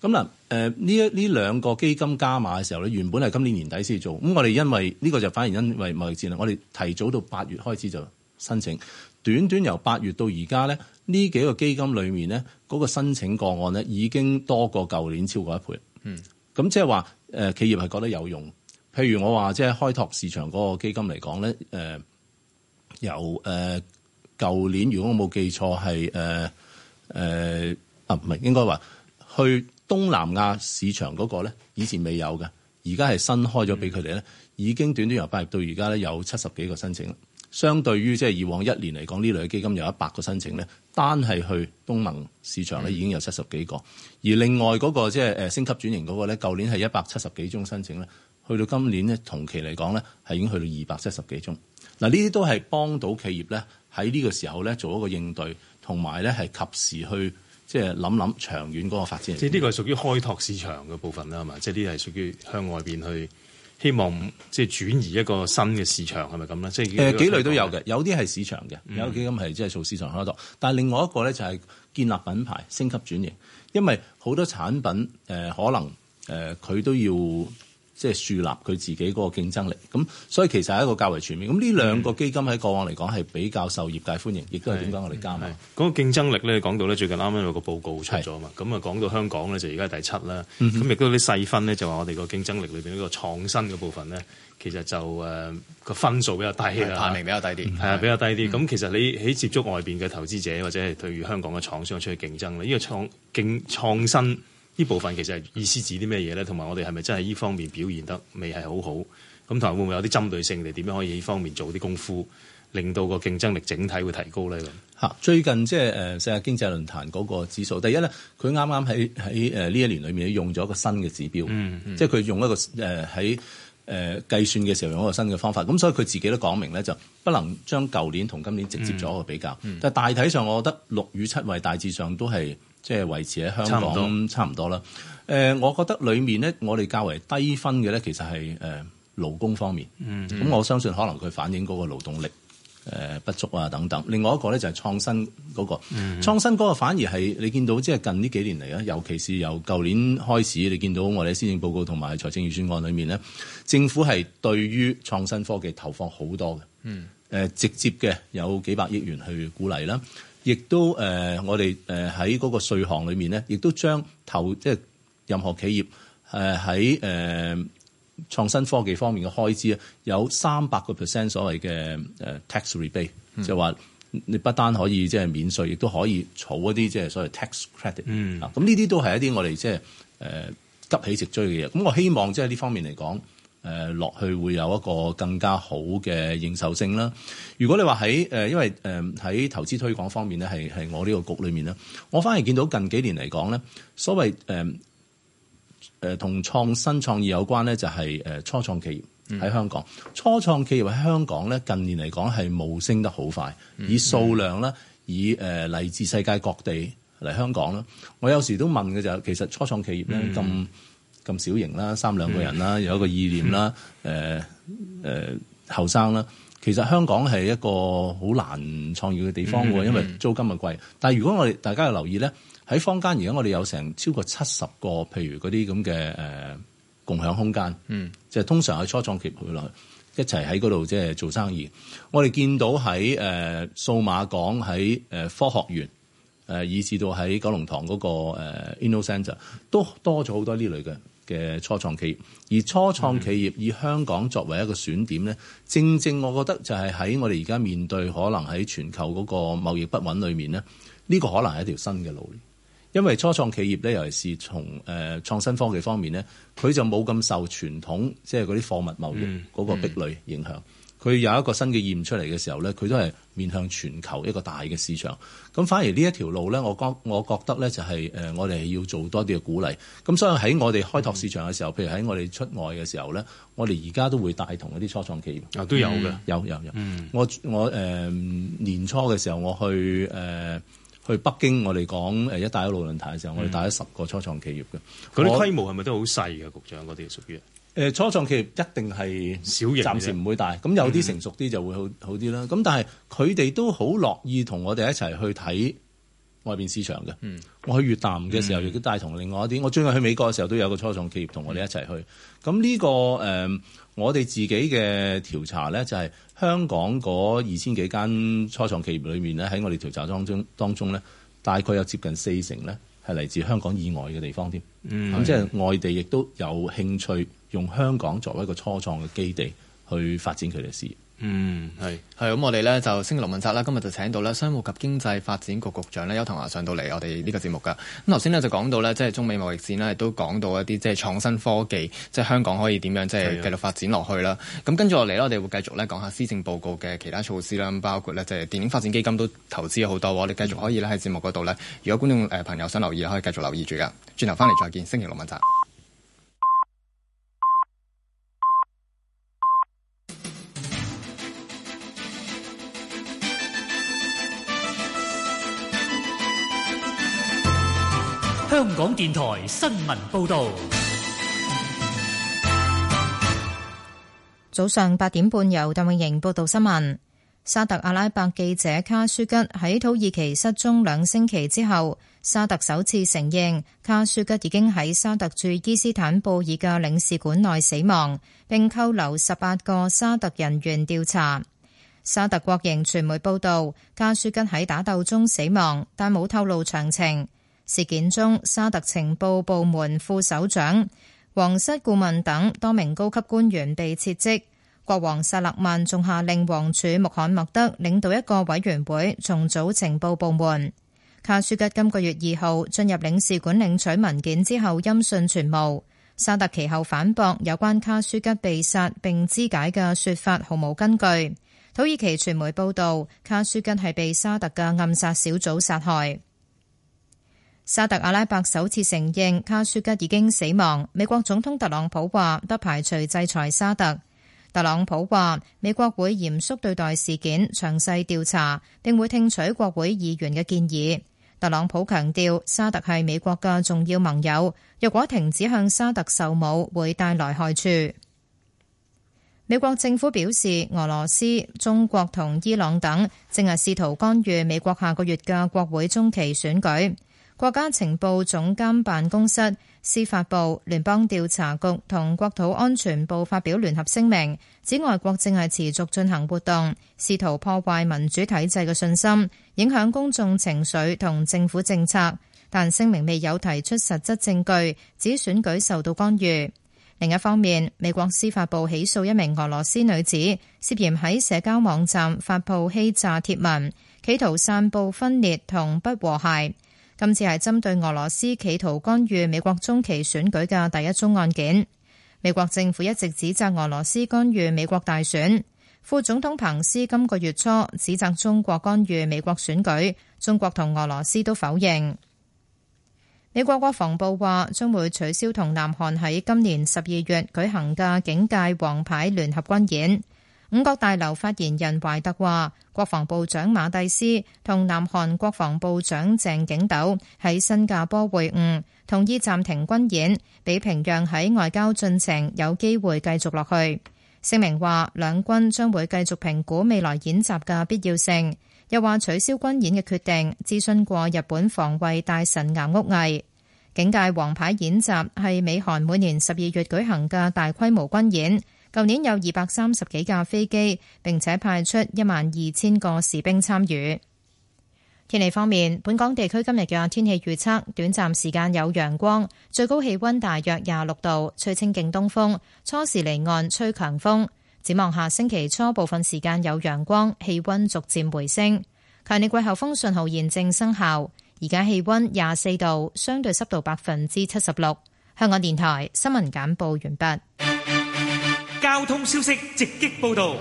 咁嗱。呢、呃、一呢兩個基金加碼嘅時候咧，原本係今年年底先做咁。我哋因為呢、呢個就反而因為貿易戰啦，我哋提早到八月開始就申請。短短由八月到而家咧，呢幾個基金裏面咧，嗰、嗰個申請個案咧已經多過舊年超過一倍。嗯，咁即係話誒企業係覺得有用。譬如我話即係開拓市場嗰個基金嚟講咧、呃，由誒舊、呃、年如果我冇記錯係誒誒、呃、啊，唔係應該話去東南亞市場嗰個咧，以前未有嘅，而家係新開咗俾佢哋咧，已經短短由八月到而家咧有七十幾個申請啦。相對於即係以往一年嚟講，呢類嘅基金有一百個申請咧，單係去東盟市場咧已經有七十幾個，而另外嗰個即係誒升級轉型嗰、那個咧，舊年係一百七十幾宗申請咧，去到今年咧同期嚟講咧係已經去到二百七十幾宗。嗱，呢啲都係幫到企業咧喺呢個時候咧做一個應對。同埋咧，係及時去即係諗諗長遠嗰個發展。即係呢個係屬於開拓市場嘅部分啦，係嘛？即係呢啲係屬於向外邊去，希望即係轉移一個新嘅市場係咪咁咧？即係誒幾類都有嘅，有啲係市場嘅，有幾咁係即係做市場開拓、嗯。但係另外一個咧就係建立品牌、升級轉型，因為好多產品誒可能佢都要。即係樹立佢自己嗰個競爭力，咁所以其實係一個較為全面。咁呢兩個基金喺過往嚟講係比較受業界歡迎，亦都係點解我哋加碼。嗰、那個競爭力咧，講到咧最近啱啱有個報告出咗嘛，咁啊講到香港咧就而家係第七啦。咁亦都有啲細分咧就話我哋個競爭力裏邊呢個創新嘅部分咧，其實就誒個、呃、分數比較低，排名比較低啲，係啊比較低啲。咁其實你喺接觸外邊嘅投資者或者係對於香港嘅廠商出去競爭咧，呢、這個創競創新。呢部分其實係意思指啲咩嘢咧？同埋我哋係咪真係呢方面表現得未係好好？咁同埋會唔會有啲針對性嚟點樣可以呢方面做啲功夫，令到個競爭力整體會提高咧？咁嚇最近即係呃、世界經濟論壇嗰個指數，第一咧，佢啱啱喺喺呢一年裏面用咗一個新嘅指標，嗯嗯、即係佢用一個呃喺呃計算嘅時候用一個新嘅方法。咁所以佢自己都講明咧，就不能將舊年同今年直接做一個比較。嗯嗯、但係大體上，我覺得六與七位大致上都係。即係維持喺香港都差唔多啦。誒，我覺得裏面咧，我哋較為低分嘅咧，其實係誒勞工方面。嗯。咁我相信可能佢反映嗰個勞動力誒不足啊等等。另外一個咧就係創新嗰個，創新嗰個，個反而係你見到即係近呢幾年嚟啊，尤其是由舊年開始，你見到我哋先施政報告同埋財政預算案裏面咧，政府係對於創新科技投放好多嘅。嗯。誒，直接嘅有幾百億元去鼓勵啦。亦都誒、呃，我哋誒喺嗰個稅項裏面咧，亦都將投即係任何企業誒喺誒創新科技方面嘅開支啊，有三百個 percent 所謂嘅誒 tax rebate，嗯、就係話你不單可以即係免稅，亦都可以儲一啲即係所謂 tax credit。嗯，咁呢啲都係一啲我哋即係誒急起直追嘅嘢。咁我希望即係呢方面嚟講。誒落去會有一個更加好嘅認受性啦。如果你話喺誒，因為誒喺投資推廣方面咧，係係我呢個局裏面咧，我反而見到近幾年嚟講咧，所謂誒同、呃呃、創新創意有關咧、就係，就係初創企業喺香港。初創企業喺香港咧，嗯、港近年嚟講係冒升得好快、嗯，以數量啦以誒嚟、呃、自世界各地嚟香港啦。我有時都問嘅就係其實初創企業咧咁。嗯咁小型啦，三兩個人啦、嗯，有一個意念啦，誒誒後生啦，其實香港係一個好難創業嘅地方、嗯、因為租金啊貴、嗯。但係如果我哋大家要留意咧，喺坊間而家我哋有成超過七十個譬如嗰啲咁嘅誒共享空間，嗯，即係通常喺初創期去落去一齊喺嗰度即係做生意。我哋見到喺誒、呃、數碼港喺、呃、科學園，誒、呃、以至到喺九龍塘嗰個誒、呃、Inno Centre 都多咗好多呢類嘅。嘅初創企業，而初創企業以香港作為一個選點咧、嗯，正正我覺得就係喺我哋而家面對可能喺全球嗰個貿易不穩裏面咧，呢、呢個可能係一條新嘅路。因為初創企業咧，尤其是從誒創新科技方面咧，佢就冇咁受傳統即係嗰啲貨物貿易嗰個壁壘影響。嗯嗯佢有一個新嘅業務出嚟嘅時候咧，佢都係面向全球一個大嘅市場。咁反而呢一條路咧，我覺我覺得咧就係、是、誒、呃，我哋要做多啲嘅鼓勵。咁所以喺我哋開拓市場嘅時候，譬如喺我哋出外嘅時候咧，我哋而家都會帶同一啲初創企業。啊，都有嘅，有有有。有嗯、我我誒、呃、年初嘅時候，我去誒、呃、去北京，我哋講誒一帶一路論壇嘅時候，我哋帶咗十個初創企業嘅。嗰、嗯、啲規模係咪都好細嘅，局長？嗰啲係屬於？誒，初創企業一定係少型嘅，暫時唔會大。咁有啲成熟啲就會好、mm -hmm. 好啲啦。咁但係佢哋都好樂意同我哋一齊去睇外邊市場嘅。Mm -hmm. 我去越南嘅時候，亦都帶同另外一啲。Mm -hmm. 我最近去美國嘅時候，都有個初創企業同我哋一齊去。咁、mm、呢 -hmm. 這個誒、呃，我哋自己嘅調查咧，就係、是、香港嗰二千幾間初創企業裏面咧，喺我哋調查當中當中咧，大概有接近四成咧係嚟自香港以外嘅地方添。咁即係外地亦都有興趣。用香港作為一個初創嘅基地去發展佢哋事業。嗯，係係咁，咁我哋咧就星期六問責啦。今日就請到咧商務及經濟發展局局長咧邱騰華上到嚟我哋呢個節目㗎。咁頭先咧就講到咧，即係中美貿易戰咧，亦都講到一啲即係創新科技，即係香港可以點樣即係繼續發展落去啦。咁跟住落嚟咧，我哋會繼續咧講下施政報告嘅其他措施啦，包括咧即係電影發展基金都投資好多。我哋繼續可以咧喺節目嗰度咧，如果觀眾誒朋友想留意，可以繼續留意住㗎。轉頭翻嚟再見，星期六問責。香港電台新聞報道，早上八點半由鄧永瑩報道新聞。沙特阿拉伯記者卡舒吉喺土耳其失蹤兩星期之後，沙特首次承認卡舒吉已經喺沙特駐伊斯坦布爾嘅領事館內死亡，並扣留十八個沙特人員調查。沙特國營傳媒報道卡舒吉喺打鬥中死亡，但冇透露詳情。事件中，沙特情報部門副首長、皇室顧問等多名高級官員被撤職。國王薩勒曼仲下令王儲穆罕默德領導一個委員會重組情報部門。卡舒吉今個月二號進入領事館領取文件之後，音訊全無。沙特其後反駁有關卡舒吉被殺並肢解嘅說法毫無根據。土耳其傳媒報道，卡舒吉係被沙特嘅暗殺小組殺害。沙特阿拉伯首次承認卡舒吉已經死亡。美國總統特朗普話不排除制裁沙特。特朗普話美國會嚴肅對待事件，詳細調查，並會聽取國會議員嘅建議。特朗普強調，沙特係美國嘅重要盟友，若果停止向沙特售武，會帶來害處。美國政府表示，俄羅斯、中國同伊朗等正係試圖干預美國下個月嘅國會中期選舉。國家情報總監辦公室、司法部、聯邦調查局同國土安全部發表聯合聲明，指外國正係持續進行活動，試圖破壞民主體制嘅信心，影響公眾情緒同政府政策。但聲明未有提出實質證據，指選舉受到干預。另一方面，美國司法部起訴一名俄羅斯女子，涉嫌喺社交網站發布欺詐貼文，企圖散布分裂同不和諧。今次係針對俄羅斯企圖干預美國中期選舉嘅第一宗案件。美國政府一直指責俄羅斯干預美國大選。副總統彭斯今個月初指責中國干預美國選舉，中國同俄羅斯都否認。美國國防部話將會取消同南韓喺今年十二月舉行嘅警戒王牌聯合軍演。五角大樓發言人懷特話，國防部長馬蒂斯同南韓國防部長鄭景斗喺新加坡會晤，同意暫停軍演，俾平壤喺外交進程有機會繼續落去。聲明話，兩軍將會繼續評估未來演習嘅必要性，又話取消軍演嘅決定諮詢過日本防衛大臣岩屋毅。警戒王牌演習係美韓每年十二月舉行嘅大規模軍演。舊年有二百三十幾架飛機，並且派出一萬二千個士兵參與。天氣方面，本港地區今日嘅天氣預測，短暫時間有陽光，最高氣溫大約廿六度，吹清勁東風。初時離岸吹強風。展望下星期初部分時間有陽光，氣溫逐漸回升。強烈季候風信號現正生效。而家氣溫廿四度，相對濕度百分之七十六。香港電台新聞簡報完畢。交通消息直擊報道。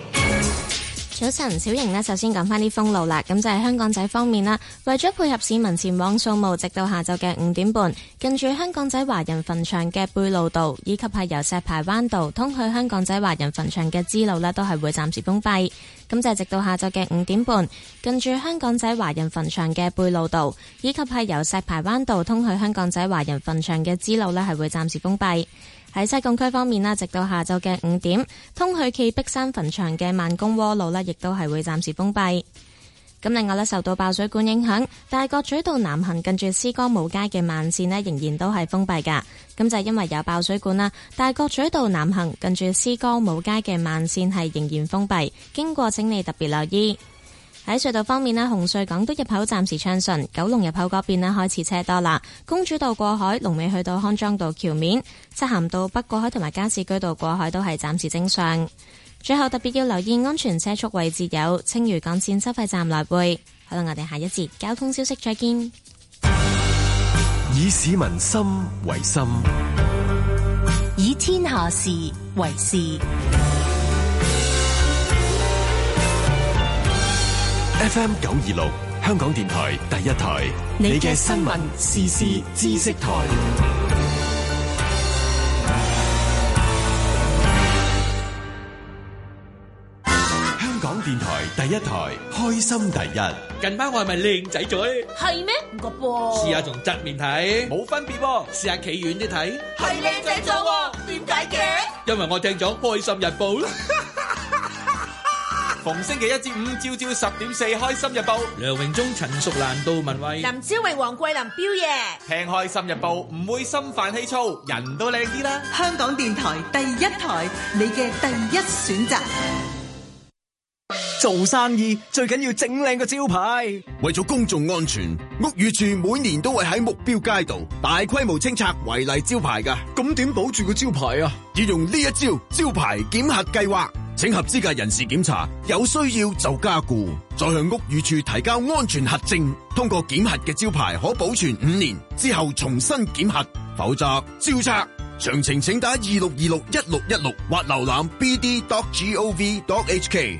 早晨，小瑩呢，首先講返啲封路啦。咁就係、是、香港仔方面啦，為咗配合市民前往掃墓，直到下晝嘅五點半，近住香港仔華人墳場嘅貝璐道以及係由石排灣道通去香港仔華人墳場嘅支路呢都係會暫時封閉。咁就係、是、直到下晝嘅五點半，近住香港仔華人墳場嘅貝璐道以及係由石排灣道通去香港仔華人墳場嘅支路呢係會暫時封閉。喺西貢區方面啦，直到下晝嘅五點，通去暨碧山墳場嘅慢工窩路咧，亦都係會暫時封閉。咁另外咧，受到爆水管影響，大角咀道南行近住詩歌舞街嘅慢線咧，仍然都係封閉噶。咁就是、因為有爆水管啦，大角咀道南行近住詩歌舞街嘅慢線係仍然封閉，經過請你特別留意。喺隧道方面呢紅隧港島入口暫時暢順，九龍入口嗰邊咧開始車多啦。公主道過海、龍尾去到康莊道橋面、漆咸道北過海同埋加士居道過海都係暫時正常。最後特別要留意安全車速位置有青嶼幹線收費站來回。好啦，我哋下一節交通消息再見。以市民心為心，以天下事為事。FM 九二六，香港電台第一台，你嘅新聞時事知識台。香港電台第一台，開心第一。近排我係咪靚仔咗？係咩？唔覺噃。試下從側面睇，冇分別噃。試下企遠啲睇，係靚仔咗喎？點解嘅？因為我聽咗《開心日報》。逢星期一至五，朝朝十點四，開心日報。梁榮忠、陳淑蘭、杜文慧、林超榮、黃桂林、彪爺，聽開心日報，唔會心煩氣躁，人都靚啲啦。香港電台第一台，你嘅第一選擇。做生意最緊要整靚個招牌。為咗公眾安全，屋宇署每年都會喺目標街道大規模清拆違例招牌噶。咁點保住個招牌啊？要用呢一招招牌檢核計劃。請合資格人士檢查，有需要就加固，再向屋宇處提交安全核證。通過檢核嘅招牌可保存五年，之後重新檢核，否則照拆。詳情請打二六二六一六一六或瀏覽 bd.gov.hk。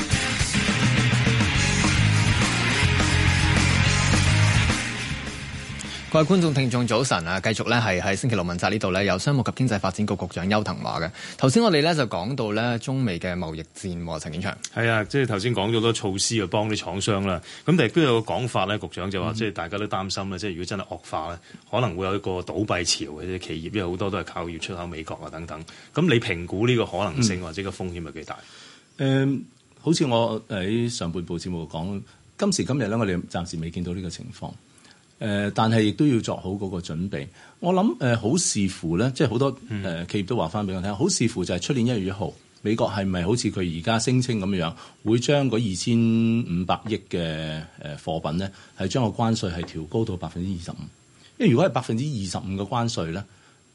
各位觀眾、聽眾，早晨啊！繼續咧，係喺星期六問責呢度咧，有商務及經濟發展局局長邱騰華嘅。頭先，我哋咧就講到咧中美嘅貿易戰，和陳景祥，係啊，即係頭先講咗好多措施去幫啲廠商啦。咁、嗯、但係都有個講法咧，局長就話，即係大家都擔心咧，即係如果真係惡化咧，可能會有一個倒閉潮嘅企業，因為好多都係靠業出口美國啊等等。咁你評估呢個可能性、嗯、或者個風險係幾大？誒、嗯，好似我喺上半部節目講，今時今日咧，我哋暫時未見到呢個情況。誒、呃，但係亦都要做好嗰個準備。我諗誒、呃，好視乎咧，即係好多、呃、企業都話翻俾我聽，嗯、好視乎就係出年一月一號，美國係咪好似佢而家聲稱咁樣會會將嗰二千五百億嘅誒、呃、貨品咧，係將個關稅係調高到百分之二十五。因為如果係百分之二十五嘅關稅咧，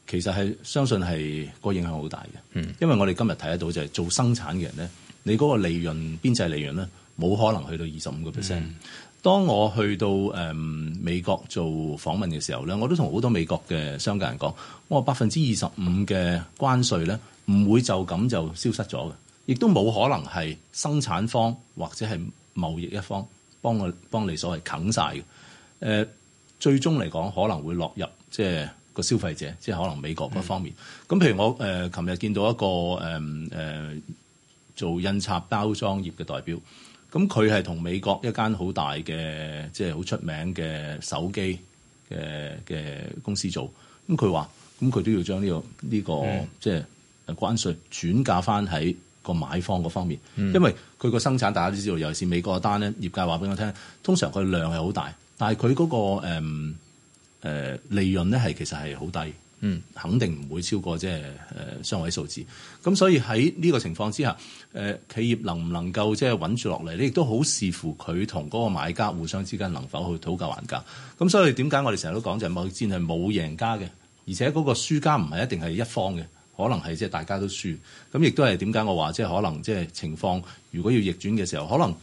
其實係相信係個影響好大嘅。嗯、因為我哋今日睇得到就係、是、做生產嘅人咧，你嗰個利潤邊際利潤咧，冇可能去到二十五個 percent。嗯嗯當我去到誒、嗯、美國做訪問嘅時候咧，我都同好多美國嘅商界人講，我話百分之二十五嘅關稅咧，唔會就咁就消失咗嘅，亦都冇可能係生產方或者係貿易一方幫我幫你所謂啃晒嘅。嗯。最終嚟講可能會落入即係、就是、個消費者，即、就、係、是、可能美國嗰方面。咁、嗯、譬如我誒琴日見到一個誒誒、嗯呃、做印刷包裝業嘅代表。咁佢係同美國一間好大嘅，即係好出名嘅手機嘅嘅公司做。咁佢話，咁佢都要將呢、這個呢、這個即係、嗯就是、關稅轉嫁翻喺個買方嗰方面，嗯、因為佢個生產大家都知道，尤其是美國嘅單咧，業界話俾我聽，通常佢量係好大，但係佢嗰個誒利潤咧係其實係好低。嗯，肯定唔會超過即係誒雙位數字。咁所以喺呢個情況之下，誒、呃、企業能唔能夠即係穩住落嚟，你亦都好視乎佢同嗰個買家互相之間能否去討價還價。咁所以點解我哋成日都講就係貿易戰係冇贏家嘅，而且嗰個輸家唔係一定係一方嘅，可能係即係大家都輸。咁亦都係點解我話即係可能即係情況，如果要逆轉嘅時候，可能。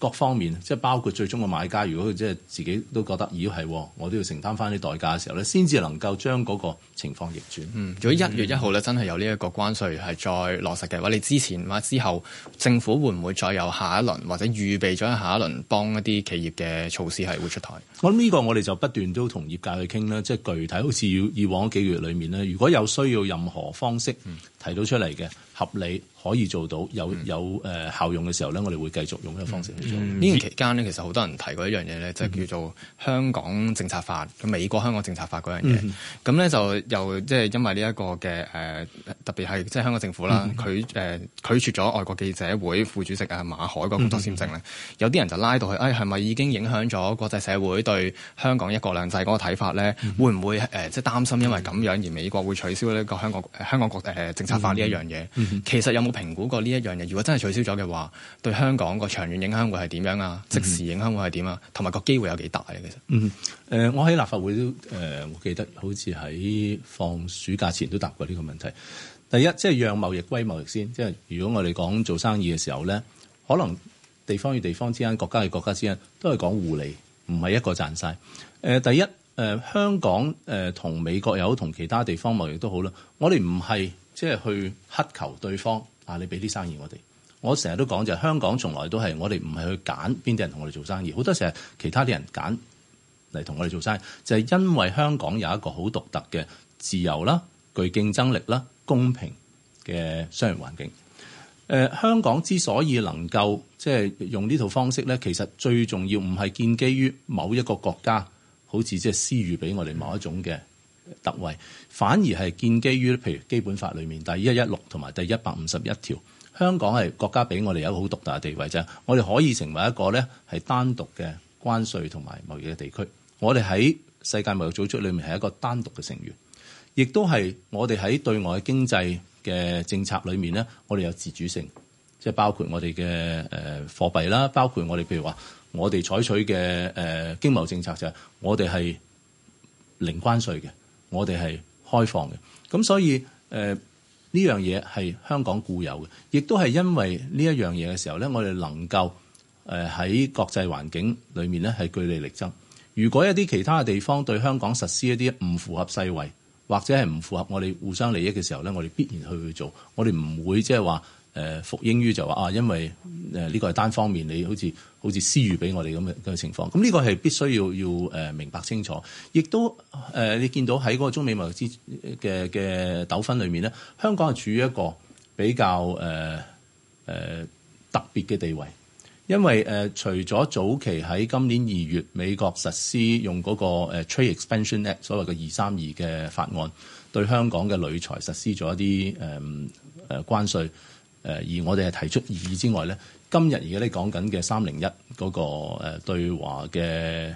各方面，即係包括最終嘅買家，如果佢即係自己都覺得，咦，果係，我都要承擔翻啲代價嘅時候咧，先至能夠將嗰個情況逆轉。嗯，如果一月一號咧真係有呢一個關稅係再落實嘅話，你之前或者之後政府會唔會再有下一輪或者預備咗下一輪幫一啲企業嘅措施係會出台？我諗呢個我哋就不斷都同業界去傾啦，即係具體好似以以往幾個月裏面咧，如果有需要任何方式嗯提到出嚟嘅。嗯合理可以做到有有誒、呃、效用嘅時候咧，我哋會繼續用呢個方式去做。呢、嗯、段、嗯、期間呢，其實好多人提過一樣嘢咧，就係、是、叫做香港政策法，咁、嗯、美國香港政策法嗰樣嘢。咁、嗯、咧就又即係、就是、因為呢、這、一個嘅誒、呃，特別係即係香港政府啦，佢誒拒絕咗外國記者會副主席啊馬海個工作簽證咧。有啲人就拉到去，誒係咪已經影響咗國際社會對香港一國兩制嗰個睇法咧、嗯？會唔會誒即係擔心因為咁樣而美國會取消呢個香港香港國誒、呃、政策法呢一樣嘢？嗯嗯其實有冇評估過呢一樣嘢？如果真係取消咗嘅話，對香港個長遠影響會係點樣啊？即時影響會係點啊？同埋個機會有幾大啊？其實，嗯，誒、呃，我喺立法會都誒、呃，我記得好似喺放暑假前都答過呢個問題。第一，即係讓貿易歸貿易先。即係如果我哋講做生意嘅時候咧，可能地方與地方之間、國家與國家之間都係講互利，唔係一個賺晒。誒、呃，第一誒、呃，香港誒同、呃、美國又好，同其他地方貿易都好啦。我哋唔係。即係去乞求對方啊，你俾啲生意我哋。我成日都講就係香港從來都係，我哋唔係去揀邊啲人同我哋做生意。好多時係其他啲人揀嚟同我哋做生意，就係、是、因為香港有一個好獨特嘅自由啦、具競爭力啦、公平嘅商業環境。誒、呃、香港之所以能夠即係用呢套方式咧，其實最重要唔係建基於某一個國家，好似即係施予俾我哋某一種嘅。特惠反而係建基於，譬如基本法裏面第一一六同埋第一百五十一條，香港係國家俾我哋有一個好獨特嘅地位，就係我哋可以成為一個咧係單獨嘅關稅同埋貿易嘅地區，我哋喺世界貿易組織裏面係一個單獨嘅成員，亦都係我哋喺對外經濟嘅政策裏面咧，我哋有自主性，即係包括我哋嘅誒貨幣啦，包括我哋譬如話我哋採取嘅誒經貿政策就係我哋係零關稅嘅。我哋係開放嘅，咁所以誒呢樣嘢係香港固有嘅，亦都係因為呢一樣嘢嘅時候咧，我哋能夠誒喺國際環境裏面咧係據理力爭。如果一啲其他嘅地方對香港實施一啲唔符合世貿或者係唔符合我哋互相利益嘅時候咧，我哋必然去去做，我哋唔會即係話。誒服膺於就話啊，因為誒呢、呃這個係單方面，你好似好似施予俾我哋咁嘅嘅情況。咁呢個係必須要要誒、呃、明白清楚，亦都誒、呃、你見到喺嗰個中美貿易之嘅嘅糾紛裏面咧，香港係處於一個比較誒、呃呃、特別嘅地位，因為誒、呃、除咗早期喺今年二月美國實施用嗰個 Trade Expansion Act 所謂嘅二三二嘅法案，對香港嘅鋁材實施咗一啲誒誒關稅。誒而我哋係提出異議之外咧，今日而家你講緊嘅三零一嗰個對華嘅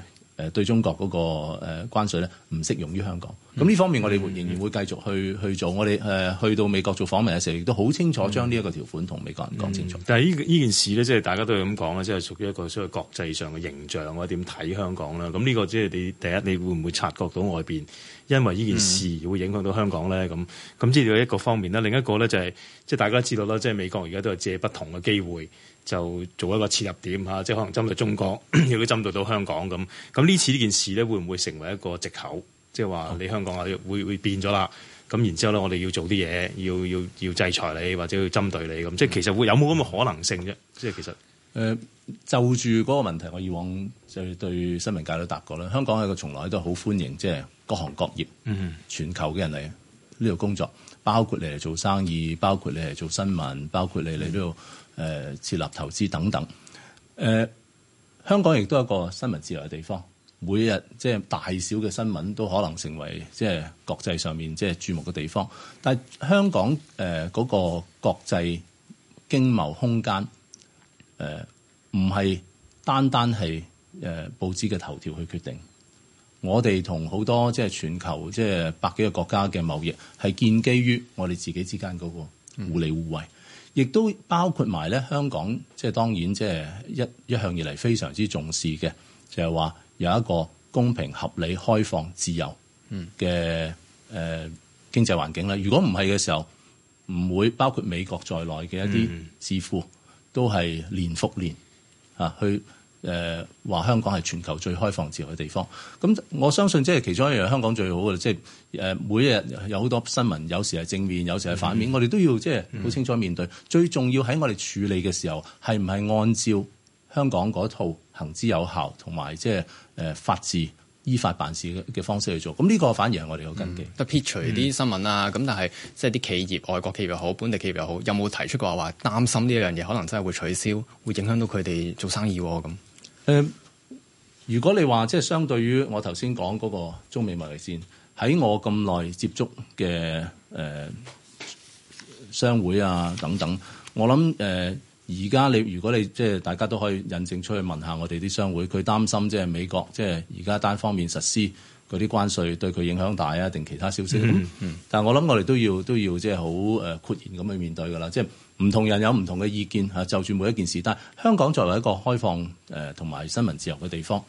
對中國嗰個關稅咧，唔適用於香港。咁、嗯、呢方面我哋仍然會繼續去去做。我哋去到美國做訪問嘅時候，亦都好清楚將呢一個條款同美國人講清楚。嗯嗯、但係呢件事咧，即係大家都係咁講啦，即係屬於一個所謂國際上嘅形象或者點睇香港啦。咁呢個即係你第一，你會唔會察覺到外邊？因為呢件事會影響到香港咧，咁咁即係一個方面啦。另一個咧就係，即係大家知道啦，即係美國而家都係借不同嘅機會，就做一個切入點吓，即係可能針對中國，亦都針對到香港咁。咁呢次呢件事咧，會唔會成為一個藉口，即係話你香港啊，會會變咗啦？咁、啊、然之後咧，我哋要做啲嘢，要要要制裁你，或者要針對你咁。即係其實會有冇咁嘅可能性啫？即、嗯、係其實。誒、呃、就住嗰個問題，我以往就對新聞界都答過啦。香港係個從來都好歡迎，即、就、係、是、各行各業嗯，mm -hmm. 全球嘅人嚟呢度工作，包括你嚟做生意，包括你嚟做新聞，包括你嚟呢度誒設立投資等等。誒、呃、香港亦都係一個新聞自由嘅地方，每日即係大小嘅新聞都可能成為即係、就是、國際上面即係注目嘅地方。但係香港誒嗰、呃那個國際經貿空間。誒唔係單單係誒、呃、報紙嘅頭條去決定，我哋同好多即係全球即係百幾個國家嘅貿易係建基於我哋自己之間嗰個互利互惠，亦、嗯、都包括埋咧香港，即係當然即係一一向以嚟非常之重視嘅，就係、是、話有一個公平、合理、開放、自由嘅誒、嗯呃、經濟環境啦。如果唔係嘅時候，唔會包括美國在內嘅一啲致富。嗯嗯都係年復年啊，去誒話、呃、香港係全球最開放自由嘅地方。咁我相信即係其中一樣香港最好嘅，即係誒每一日有好多新聞，有時係正面，有時係反面。嗯、我哋都要即係好清楚面對。嗯、最重要喺我哋處理嘅時候，係唔係按照香港嗰套行之有效同埋即係誒法治？依法辦事嘅方式去做，咁呢個反而係我哋嘅根基。嗯、得撇除啲新聞啊，咁、嗯、但係即係啲企業，外國企業又好，本地企業又好，有冇提出過話擔心呢樣嘢可能真係會取消，會影響到佢哋做生意咁？誒、嗯，如果你話即係相對於我頭先講嗰個中美貿易戰，喺我咁耐接觸嘅誒、呃、商會啊等等，我諗誒。呃而家你如果你即係大家都可以印證出去問下我哋啲商會，佢擔心即係美國即係而家單方面實施嗰啲關稅對佢影響大啊，定其他消息？嗯嗯、但係我諗我哋都要都要即係好誒豁然咁去面對㗎啦，即係唔同人有唔同嘅意見吓、啊，就住每一件事。但係香港作為一個開放誒同埋新聞自由嘅地方。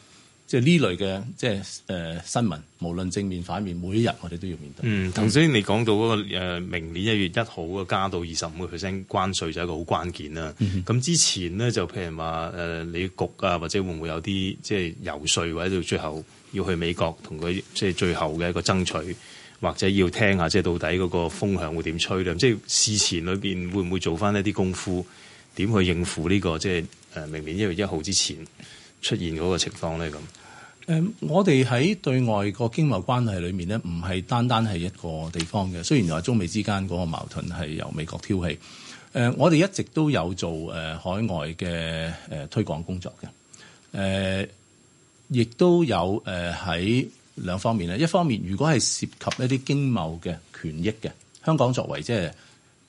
即係呢類嘅即係誒新聞，無論正面反面，每一日我哋都要面對嗯。嗯，頭先你講到嗰個明年一月一號嘅加到二十五個 percent 關稅就係一個好關鍵啦。咁、嗯、之前咧就譬如話誒、呃、你局啊，或者會唔會有啲即係遊說，或者到最後要去美國同佢即係最後嘅一個爭取，或者要聽下即係到底嗰個風向會點吹咧？即係事前裏邊會唔會做翻一啲功夫，點去應付呢、這個即係誒明年一月一號之前？出現嗰個情況咧咁，誒、嗯，我哋喺對外個經貿關係裏面咧，唔係單單係一個地方嘅。雖然話中美之間嗰個矛盾係由美國挑起，誒、嗯，我哋一直都有做誒、呃、海外嘅誒、呃、推廣工作嘅，誒、呃，亦都有誒喺、呃、兩方面咧。一方面，如果係涉及一啲經貿嘅權益嘅，香港作為即係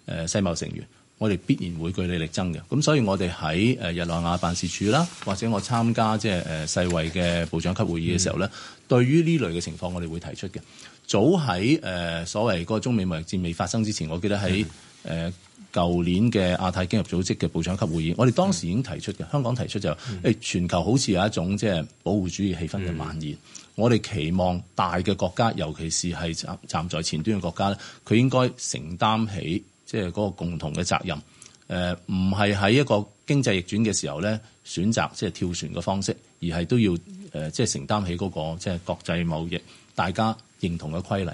誒世貿成員。我哋必然會據理力爭嘅，咁所以我哋喺誒日內瓦辦事處啦，或者我參加即係誒世衛嘅部長級會議嘅時候咧、嗯，對於呢類嘅情況，我哋會提出嘅。早喺誒、呃、所謂嗰個中美貿易戰未發生之前，我記得喺誒舊年嘅亞太經合組織嘅部長級會議，我哋當時已經提出嘅、嗯。香港提出就誒、是嗯、全球好似有一種即係保護主義氣氛嘅蔓延，嗯、我哋期望大嘅國家，尤其是係站站在前端嘅國家咧，佢應該承擔起。即係嗰個共同嘅責任，誒唔係喺一個經濟逆轉嘅時候咧，選擇即係跳船嘅方式，而係都要誒即係承擔起嗰個即係國際貿易大家認同嘅規例。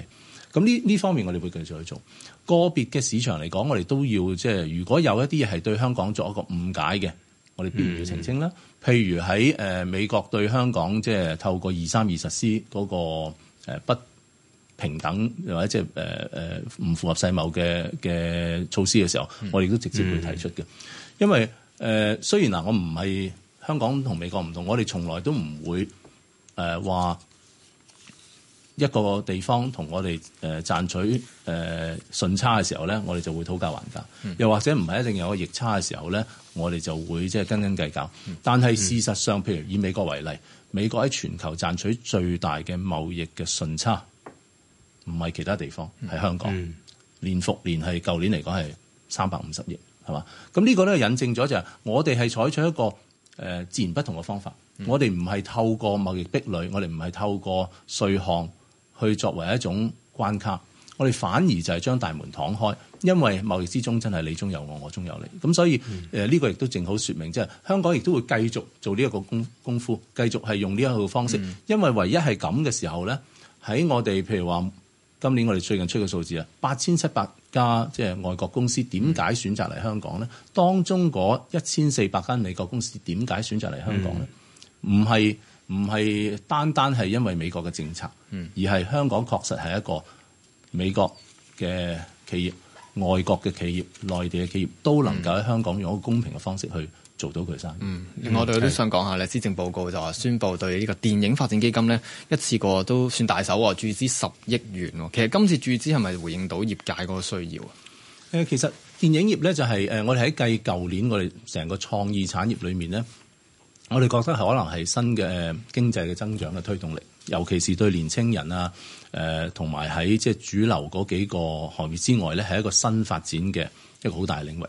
咁呢呢方面我哋會繼續去做。個別嘅市場嚟講，我哋都要即係如果有一啲嘢係對香港作一個誤解嘅，我哋必然要澄清啦、嗯。譬如喺誒美國對香港即係、就是、透過二三二實施嗰個誒不平等又或者誒誒唔符合世貿嘅嘅措施嘅時候，嗯、我哋都直接會提出嘅、嗯。因為誒、呃，雖然嗱，我唔係香港同美國唔同，我哋從來都唔會誒話、呃、一個地方同我哋誒、呃、賺取誒順、呃、差嘅時候咧，我哋就會討價還價。嗯、又或者唔係一定有個逆差嘅時候咧，我哋就會即係斤斤計較。嗯、但係事實上、嗯，譬如以美國為例，美國喺全球賺取最大嘅貿易嘅順差。唔係其他地方，喺香港，年、嗯、復年係舊年嚟講係三百五十億，係嘛？咁呢個咧引證咗就係、是、我哋係採取一個、呃、自然不同嘅方法，嗯、我哋唔係透過貿易壁壘，我哋唔係透過稅項去作為一種關卡，我哋反而就係將大門敞開，因為貿易之中真係你中有我，我中有你，咁所以呢、嗯呃呢個亦都正好說明，即、就、係、是、香港亦都會繼續做呢一個功功夫，繼續係用呢一個方式、嗯，因為唯一係咁嘅時候咧，喺我哋譬如話。今年我哋最近出嘅數字啊，八千七百家即係、就是、外國公司點解選擇嚟香港咧？當中嗰一千四百間美國公司點解選擇嚟香港咧？唔係唔係單單係因為美國嘅政策，而係香港確實係一個美國嘅企業、外國嘅企業、內地嘅企業都能夠喺香港用一個公平嘅方式去。做到佢生，嗯，我哋都想講下咧。施政報告就話宣布對呢個電影發展基金咧，一次過都算大手喎，注資十億元。其實今次注資係咪回應到業界嗰個需要啊？誒，其實電影業咧就係、誒、我哋喺繼舊年我哋成個創意產業裏面咧，我哋覺得係可能係新嘅經濟嘅增長嘅推動力，尤其是對年青人啊，誒，同埋喺即係主流嗰幾個行業之外咧，係一個新發展嘅一個好大領域。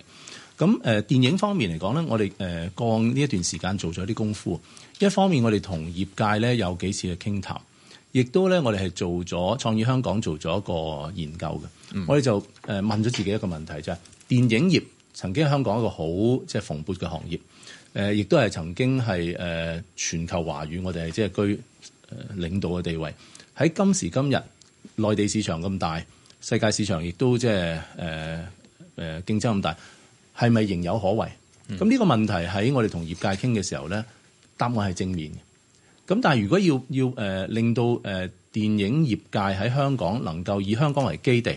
咁誒、呃、電影方面嚟講咧，我哋誒過呢一段時間做咗啲功夫。一方面我哋同業界咧有幾次嘅傾談，亦都咧我哋係做咗創意香港做咗一個研究嘅。我哋就誒、呃、問咗自己一個問題，就係、是、電影業曾經香港一個好即係蓬勃嘅行業，誒、呃、亦都係曾經係誒、呃、全球華語我哋係即係居領導嘅地位。喺今時今日，內地市場咁大，世界市場亦都即係誒誒競爭咁大。係咪仍有可為？咁呢、嗯、個問題喺我哋同業界傾嘅時候咧，答案係正面嘅。咁但係如果要要、呃、令到誒、呃、電影業界喺香港能夠以香港為基地，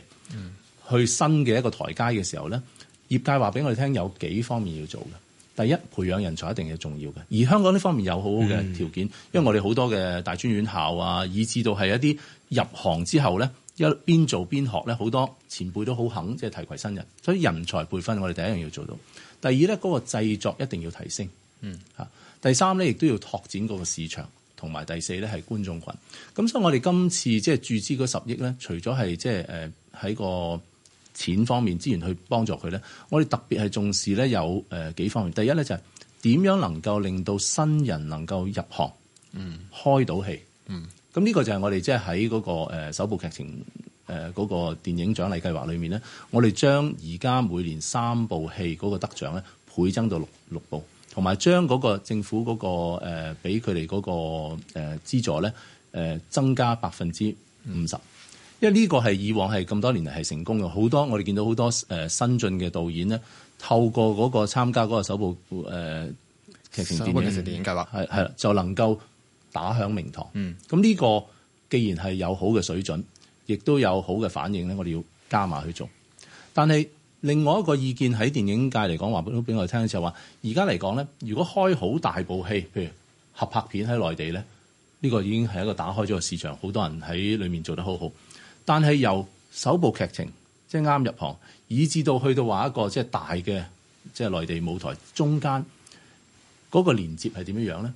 去新嘅一個台階嘅時候咧，業界話俾我哋聽有幾方面要做嘅。第一，培養人才一定係重要嘅，而香港呢方面有好好嘅條件，嗯、因為我哋好多嘅大專院校啊，以至到係一啲入行之後咧。一邊做邊學咧，好多前輩都好肯，即係提攜新人，所以人才培訓我哋第一樣要做到。第二咧，嗰、那個製作一定要提升。嗯，嚇。第三咧，亦都要拓展嗰個市場，同埋第四咧係觀眾群。咁所以我哋今次即係注資嗰十億咧，除咗係即係誒喺個錢方面資源去幫助佢咧，我哋特別係重視咧有誒、呃、幾方面。第一咧就係、是、點樣能夠令到新人能夠入行，嗯，開到戲，嗯。咁、這、呢個就係我哋即係喺嗰個首部劇情嗰個電影獎勵計劃裏面咧，我哋將而家每年三部戲嗰個得獎咧，倍增到六六部，同埋將嗰個政府嗰個俾佢哋嗰個誒資助咧，增加百分之五十，因為呢個係以往係咁多年嚟係成功嘅，好多我哋見到好多誒新進嘅導演咧，透過嗰個參加嗰個首部劇情電影計劃，係係啦，就能夠。打響名堂，咁呢個既然係有好嘅水準，亦都有好嘅反應咧，我哋要加碼去做。但係另外一個意見喺電影界嚟講，話俾我聽就話，而家嚟講咧，如果開好大部戲，譬如合拍片喺內地咧，呢、呢個已經係一個打開咗個市場，好多人喺裏面做得好好。但係由首部劇情即係啱入行，以至到去到話一個即係大嘅即係內地舞台中間嗰個連接係點樣呢？咧？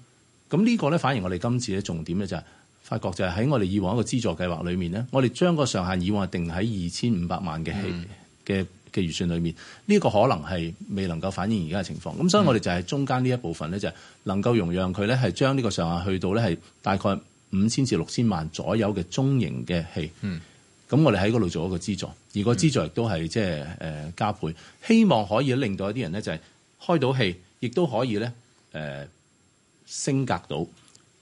咁、這、呢個咧，反而我哋今次咧重點咧就係發覺就係喺我哋以往一個資助計劃裏面咧，我哋將個上限以往定喺二千五百萬嘅戲嘅嘅預算裏面，呢個可能係未能夠反映而家嘅情況。咁所以我哋就係中間呢一部分咧，就係能夠容讓佢咧係將呢個上限去到咧係大概五千至六千萬左右嘅中型嘅戲。嗯。咁我哋喺嗰度做一個資助，而個資助亦都係即係呃加倍，希望可以令到一啲人咧就係開到戲，亦都可以咧、呃升格到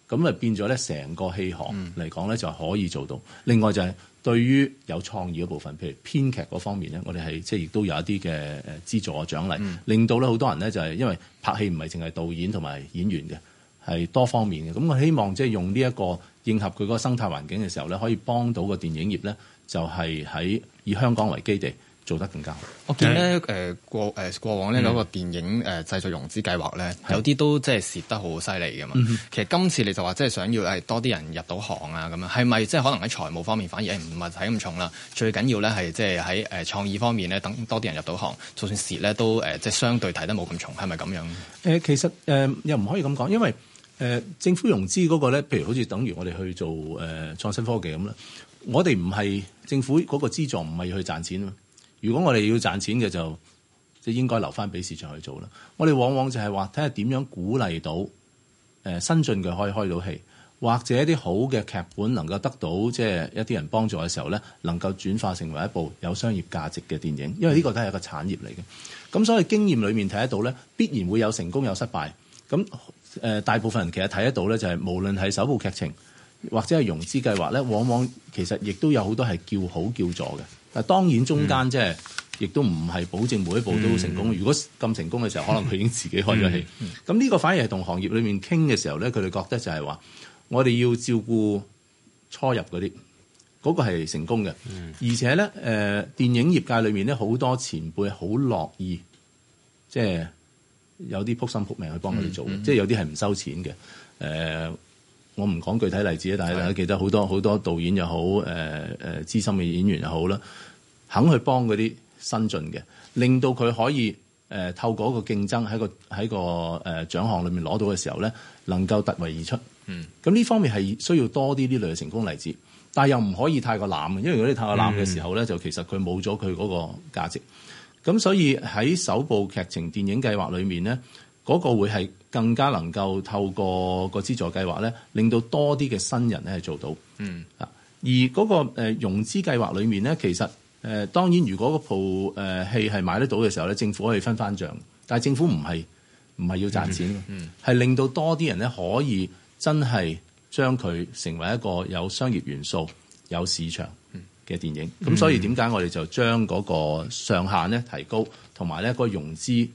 咁啊，變咗咧，成個戲行嚟講咧就可以做到。嗯、另外就係對於有創意嗰部分，譬如編劇嗰方面咧，我哋係即係亦都有一啲嘅誒資助嘅獎勵，令到咧好多人咧就係、是、因為拍戲唔係淨係導演同埋演員嘅，係多方面嘅。咁我希望即係用呢一個應合佢嗰個生態環境嘅時候咧，可以幫到個電影業咧，就係喺以香港為基地。做得更加好。好、嗯。我見咧誒過誒過往咧嗰個電影誒製作融資計劃咧，有啲都即係蝕得好犀利噶嘛。其實今次你就話即係想要係多啲人入到行啊，咁樣係咪即係可能喺財務方面反而唔係睇咁重啦？最緊要咧係即係喺誒創意方面咧，等多啲人入到行，就算蝕咧都誒即係相對睇得冇咁重，係咪咁樣？誒其實誒、呃、又唔可以咁講，因為誒、呃、政府融資嗰個咧，譬如好似等於我哋去做誒、呃、創新科技咁啦，我哋唔係政府嗰個資助，唔係去賺錢啊。如果我哋要賺錢嘅，就即係應該留翻俾市場去做啦。我哋往往就係話睇下點樣鼓勵到誒新進嘅可以開到戲，或者一啲好嘅劇本能夠得到即係、就是、一啲人幫助嘅時候咧，能夠轉化成為一部有商業價值嘅電影。因為呢個都係一個產業嚟嘅。咁所以經驗裏面睇得到咧，必然會有成功有失敗，咁誒大部分人其實睇得到咧，就係、是、無論係首部劇情或者係融資計劃咧，往往其實亦都有好多係叫好叫座嘅。嗱當然中間即、嗯、係，亦都唔係保證每一步都成功。嗯、如果咁成功嘅時候，可能佢已經自己開咗戲。咁呢個反而係同行業裏面傾嘅時候咧，佢哋覺得就係話，我哋要照顧初入嗰啲，嗰、那個係成功嘅、嗯。而且咧，誒、呃、電影業界裏面咧，好多前輩好樂意，即、就、係、是、有啲撲心撲命去幫佢哋做，即、嗯、係、嗯就是、有啲係唔收錢嘅，呃我唔講具體例子啊，但係大家記得好多好多，多導演又好，誒、呃、誒資深嘅演員又好啦，肯去幫嗰啲新進嘅，令到佢可以、呃、透過個個競爭喺個喺個誒、呃、獎項裏面攞到嘅時候咧，能夠突圍而出。嗯，咁呢方面係需要多啲呢類嘅成功例子，但係又唔可以太過濫嘅，因為如果你太過濫嘅時候咧、嗯，就其實佢冇咗佢嗰個價值。咁所以喺首部劇情電影計劃裏面咧，嗰、那個會係。更加能夠透過個資助計劃咧，令到多啲嘅新人咧係做到。嗯啊，而嗰個融資計劃裏面咧，其實誒、呃、當然，如果個鋪誒戲係買得到嘅時候咧，政府可以分翻帳。但係政府唔係唔係要賺錢，係、嗯、令到多啲人咧可以真係將佢成為一個有商業元素、有市場嘅電影。咁、嗯、所以點解我哋就將嗰個上限咧提高，同埋咧個融資。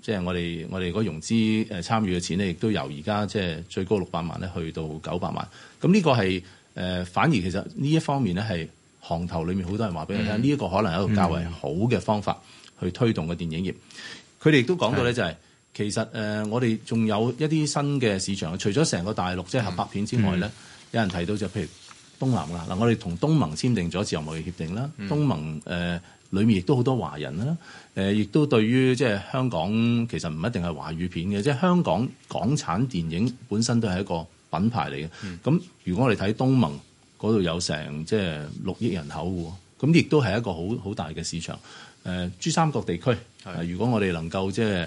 即、就、係、是、我哋我哋嗰融資誒參與嘅錢咧，亦都由而家即係最高六百萬咧，去到九百萬。咁呢個係、呃、反而其實呢一方面咧，係行頭裏面好多人話俾你聽，呢、mm、一 -hmm. 個可能係一個較為好嘅方法去推動個電影業。佢哋亦都講到咧，就係、是、其實誒、呃、我哋仲有一啲新嘅市場，除咗成個大陸即係、就是、合拍片之外咧，mm -hmm. 有人提到就是、譬如東南啦。嗱，我哋同東盟簽訂咗自由貿易協定啦，mm -hmm. 東盟誒。呃裏面亦都好多華人啦，誒，亦都對於即係香港其實唔一定係華語片嘅，即係香港港產電影本身都係一個品牌嚟嘅。咁、嗯、如果我哋睇東盟嗰度有成即係六億人口喎，咁亦都係一個好好大嘅市場。誒，珠三角地區，係，如果我哋能夠即係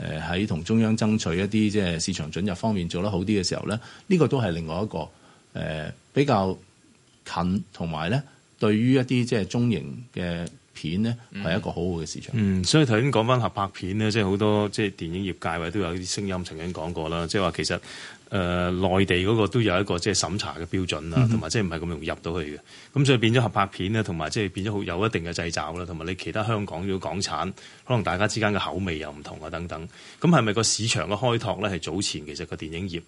誒喺同中央爭取一啲即係市場准入方面做得好啲嘅時候咧，呢、呢個都係另外一個誒比較近同埋咧。對於一啲即係中型嘅片呢，係一個好好嘅市場。嗯，所以頭先講返合拍片呢，即係好多即係電影業界位都有啲聲音曾經講過啦，即係話其實誒、呃、內地嗰個都有一個即係審查嘅標準啦，同埋即係唔係咁容易入到去嘅。咁所以變咗合拍片咧，同埋即係變咗好有一定嘅掣肘啦，同埋你其他香港嘅港產，可能大家之間嘅口味又唔同啊等等。咁係咪個市場嘅開拓咧係早前其實個電影業？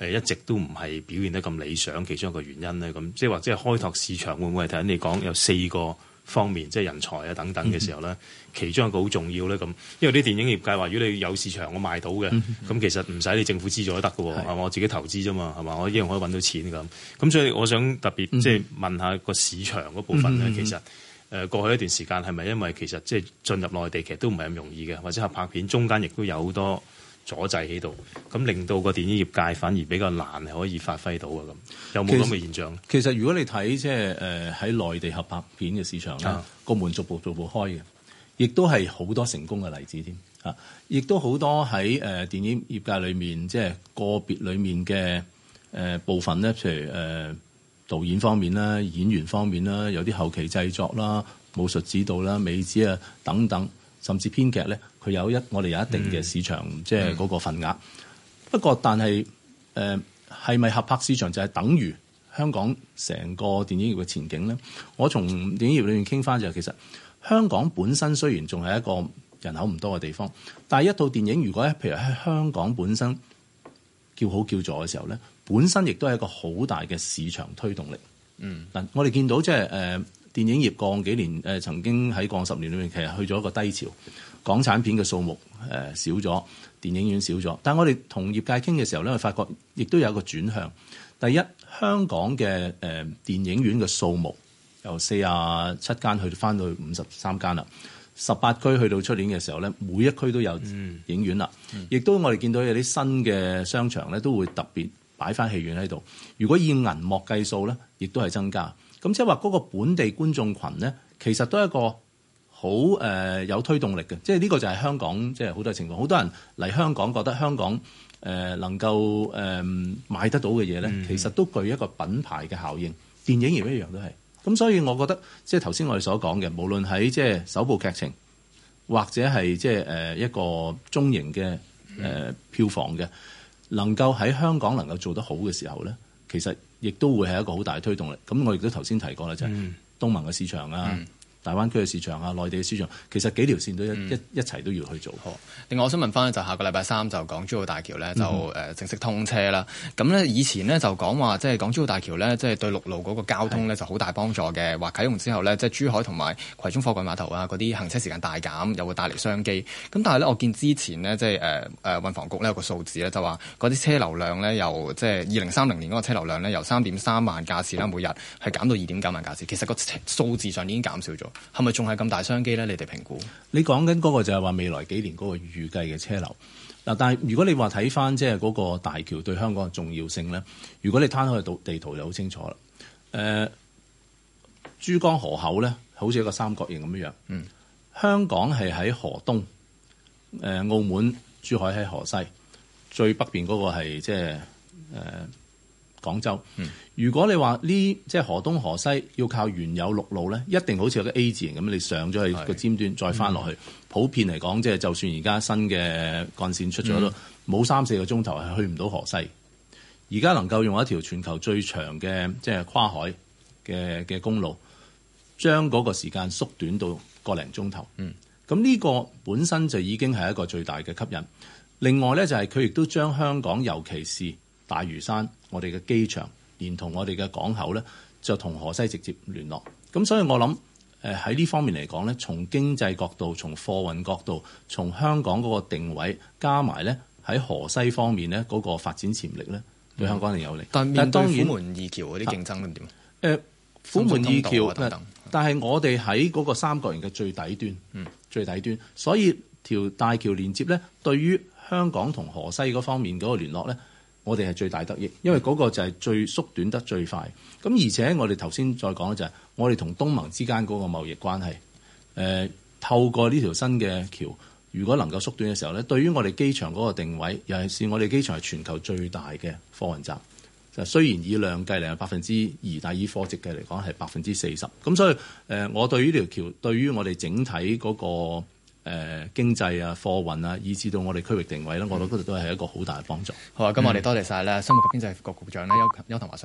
一直都唔係表現得咁理想，其中一個原因咧咁，即係或者開拓市場會唔會？頭先你講有四個方面，即係人才啊等等嘅時候咧、嗯，其中一個好重要咧咁。因為啲電影業界話，如果你有市場，我賣到嘅，咁、嗯、其實唔使你政府資助都得㗎喎。我自己投資啫嘛，係嘛？我一樣可以搵到錢咁。咁所以我想特別即係問下個市場嗰部分咧、嗯，其實誒過去一段時間係咪因為其實即係進入內地其實都唔係咁容易嘅，或者合拍片中間亦都有好多。阻滯喺度，咁令到個電影業界反而比較難係可以發揮到呀咁，有冇咁嘅現象？其實如果你睇即係誒喺內地合拍片嘅市場咧，個門逐步逐步開嘅，亦都係好多成功嘅例子添嚇、啊，亦都好多喺誒、呃、電影業界裏面即係個別裏面嘅誒、呃、部分咧，譬如誒、呃、導演方面啦、演員方面啦、有啲後期製作啦、武術指導啦、美指啊等等。甚至編劇咧，佢有一我哋有一定嘅市場，即係嗰個份額、嗯。不過，但係誒係咪合拍市場就係等於香港成個電影業嘅前景咧？我從電影業裏面傾翻就係、是、其實香港本身雖然仲係一個人口唔多嘅地方，但係一套電影如果譬如喺香港本身叫好叫座嘅時候咧，本身亦都係一個好大嘅市場推動力。嗯，嗱，我哋見到即係誒。呃電影業過幾年，誒、呃、曾經喺過十年裏面，其實去咗一個低潮，港產片嘅數目誒、呃、少咗，電影院少咗。但係我哋同業界傾嘅時候咧，發覺亦都有一個轉向。第一，香港嘅誒、呃、電影院嘅數目由四十七間去翻到去五十三間啦。十八區去到出年嘅時候咧，每一區都有影院啦。亦、嗯、都我哋見到有啲新嘅商場咧，都會特別擺翻戲院喺度。如果以銀幕計數咧，亦都係增加。咁即係話嗰個本地觀眾群咧，其實都係一個好誒有推動力嘅，即係呢個就係香港，即係好多情況，好多人嚟香港覺得香港誒、呃、能夠誒、呃、買得到嘅嘢咧，其實都具一個品牌嘅效應，電影亦一樣都係，咁所以我覺得，即係頭先我哋所講嘅，無論，喺即係首部劇情，或者係即係誒、呃、一個中型嘅誒、呃、票房嘅，能夠喺香港能夠做得好嘅時候咧，其實。亦都會係一個好大嘅推動力。咁我亦都頭先提過啦，就係東盟嘅市場啦。嗯嗯大灣區嘅市場啊，內地嘅市場，其實幾條線都一、嗯、一一齊都要去做。另外，我想問翻就下個禮拜三就港珠澳大橋呢，就誒正式通車啦。咁、嗯、呢，以前呢，就講話即係港珠澳大橋呢，即係對陸路嗰個交通呢，就好大幫助嘅。話啟用之後呢，即係珠海同埋葵涌貨櫃碼頭啊嗰啲行車時間大減，又會帶嚟商機。咁但係呢，我見之前呢，即係誒誒運房局呢，有個數字呢，就話嗰啲車流量呢，由即係二零三零年嗰個車流量呢，由三點三萬架次啦每日係減到二點九萬架次。其實個數字上已經減少咗。係咪仲係咁大商機咧？你哋評估？你講緊嗰個就係話未來幾年嗰個預計嘅車流嗱，但係如果你話睇返即係嗰個大橋對香港嘅重要性咧，如果你攤開去到地圖就好清楚啦。誒、呃，珠江河口咧，好似一個三角形咁樣樣。嗯，香港係喺河東，誒、呃，澳門、珠海喺河西，最北邊嗰個係即係誒。呃廣州，如果你話呢，即係河東河西要靠原有陸路咧，一定好似有個 A 字形咁。你上咗去個尖端，再翻落去、嗯，普遍嚟講，即係就算而家新嘅幹線出咗、嗯、都冇三四個鐘頭係去唔到河西。而家能夠用一條全球最長嘅即係跨海嘅嘅公路，將嗰個時間縮短到個零鐘頭，嗯，咁呢個本身就已經係一個最大嘅吸引。另外咧就係佢亦都將香港，尤其是大嶼山。我哋嘅機場，連同我哋嘅港口咧，就同河西直接聯絡。咁所以我諗，誒，喺呢方面嚟講咧，從經濟角度、從貨運角度、從香港嗰個定位，加埋咧喺河西方面咧嗰個發展潛力咧，嗯，對香港係有利。但面門二爭但，但當然，虎門二橋嗰啲競爭咁點？誒、呃，虎門二橋，等等，但係我哋喺嗰個三角形嘅最底端，嗯，最底端，所以條大橋連接咧，對於香港同河西嗰方面嗰個聯絡咧。我哋係最大得益，因為嗰個就係最縮短得最快。咁而且我哋頭先再講就係、是，我哋同東盟之間嗰個貿易關係，誒、呃、透過呢條新嘅橋，如果能夠縮短嘅時候咧，對於我哋機場嗰個定位，尤其是我哋機場係全球最大嘅貨運站，就雖然以量計嚟係百分之二，但以貨值計嚟講係百分之四十。咁所以誒、呃，我對於呢條橋對於我哋整體嗰、那個。誒、呃，經濟啊、貨運啊，以至到我哋區域定位咧、嗯，我覺得度都係一個好大嘅幫助。好啊，咁我哋多謝晒啦，商務及經濟發展局局長咧，邱邱騰華。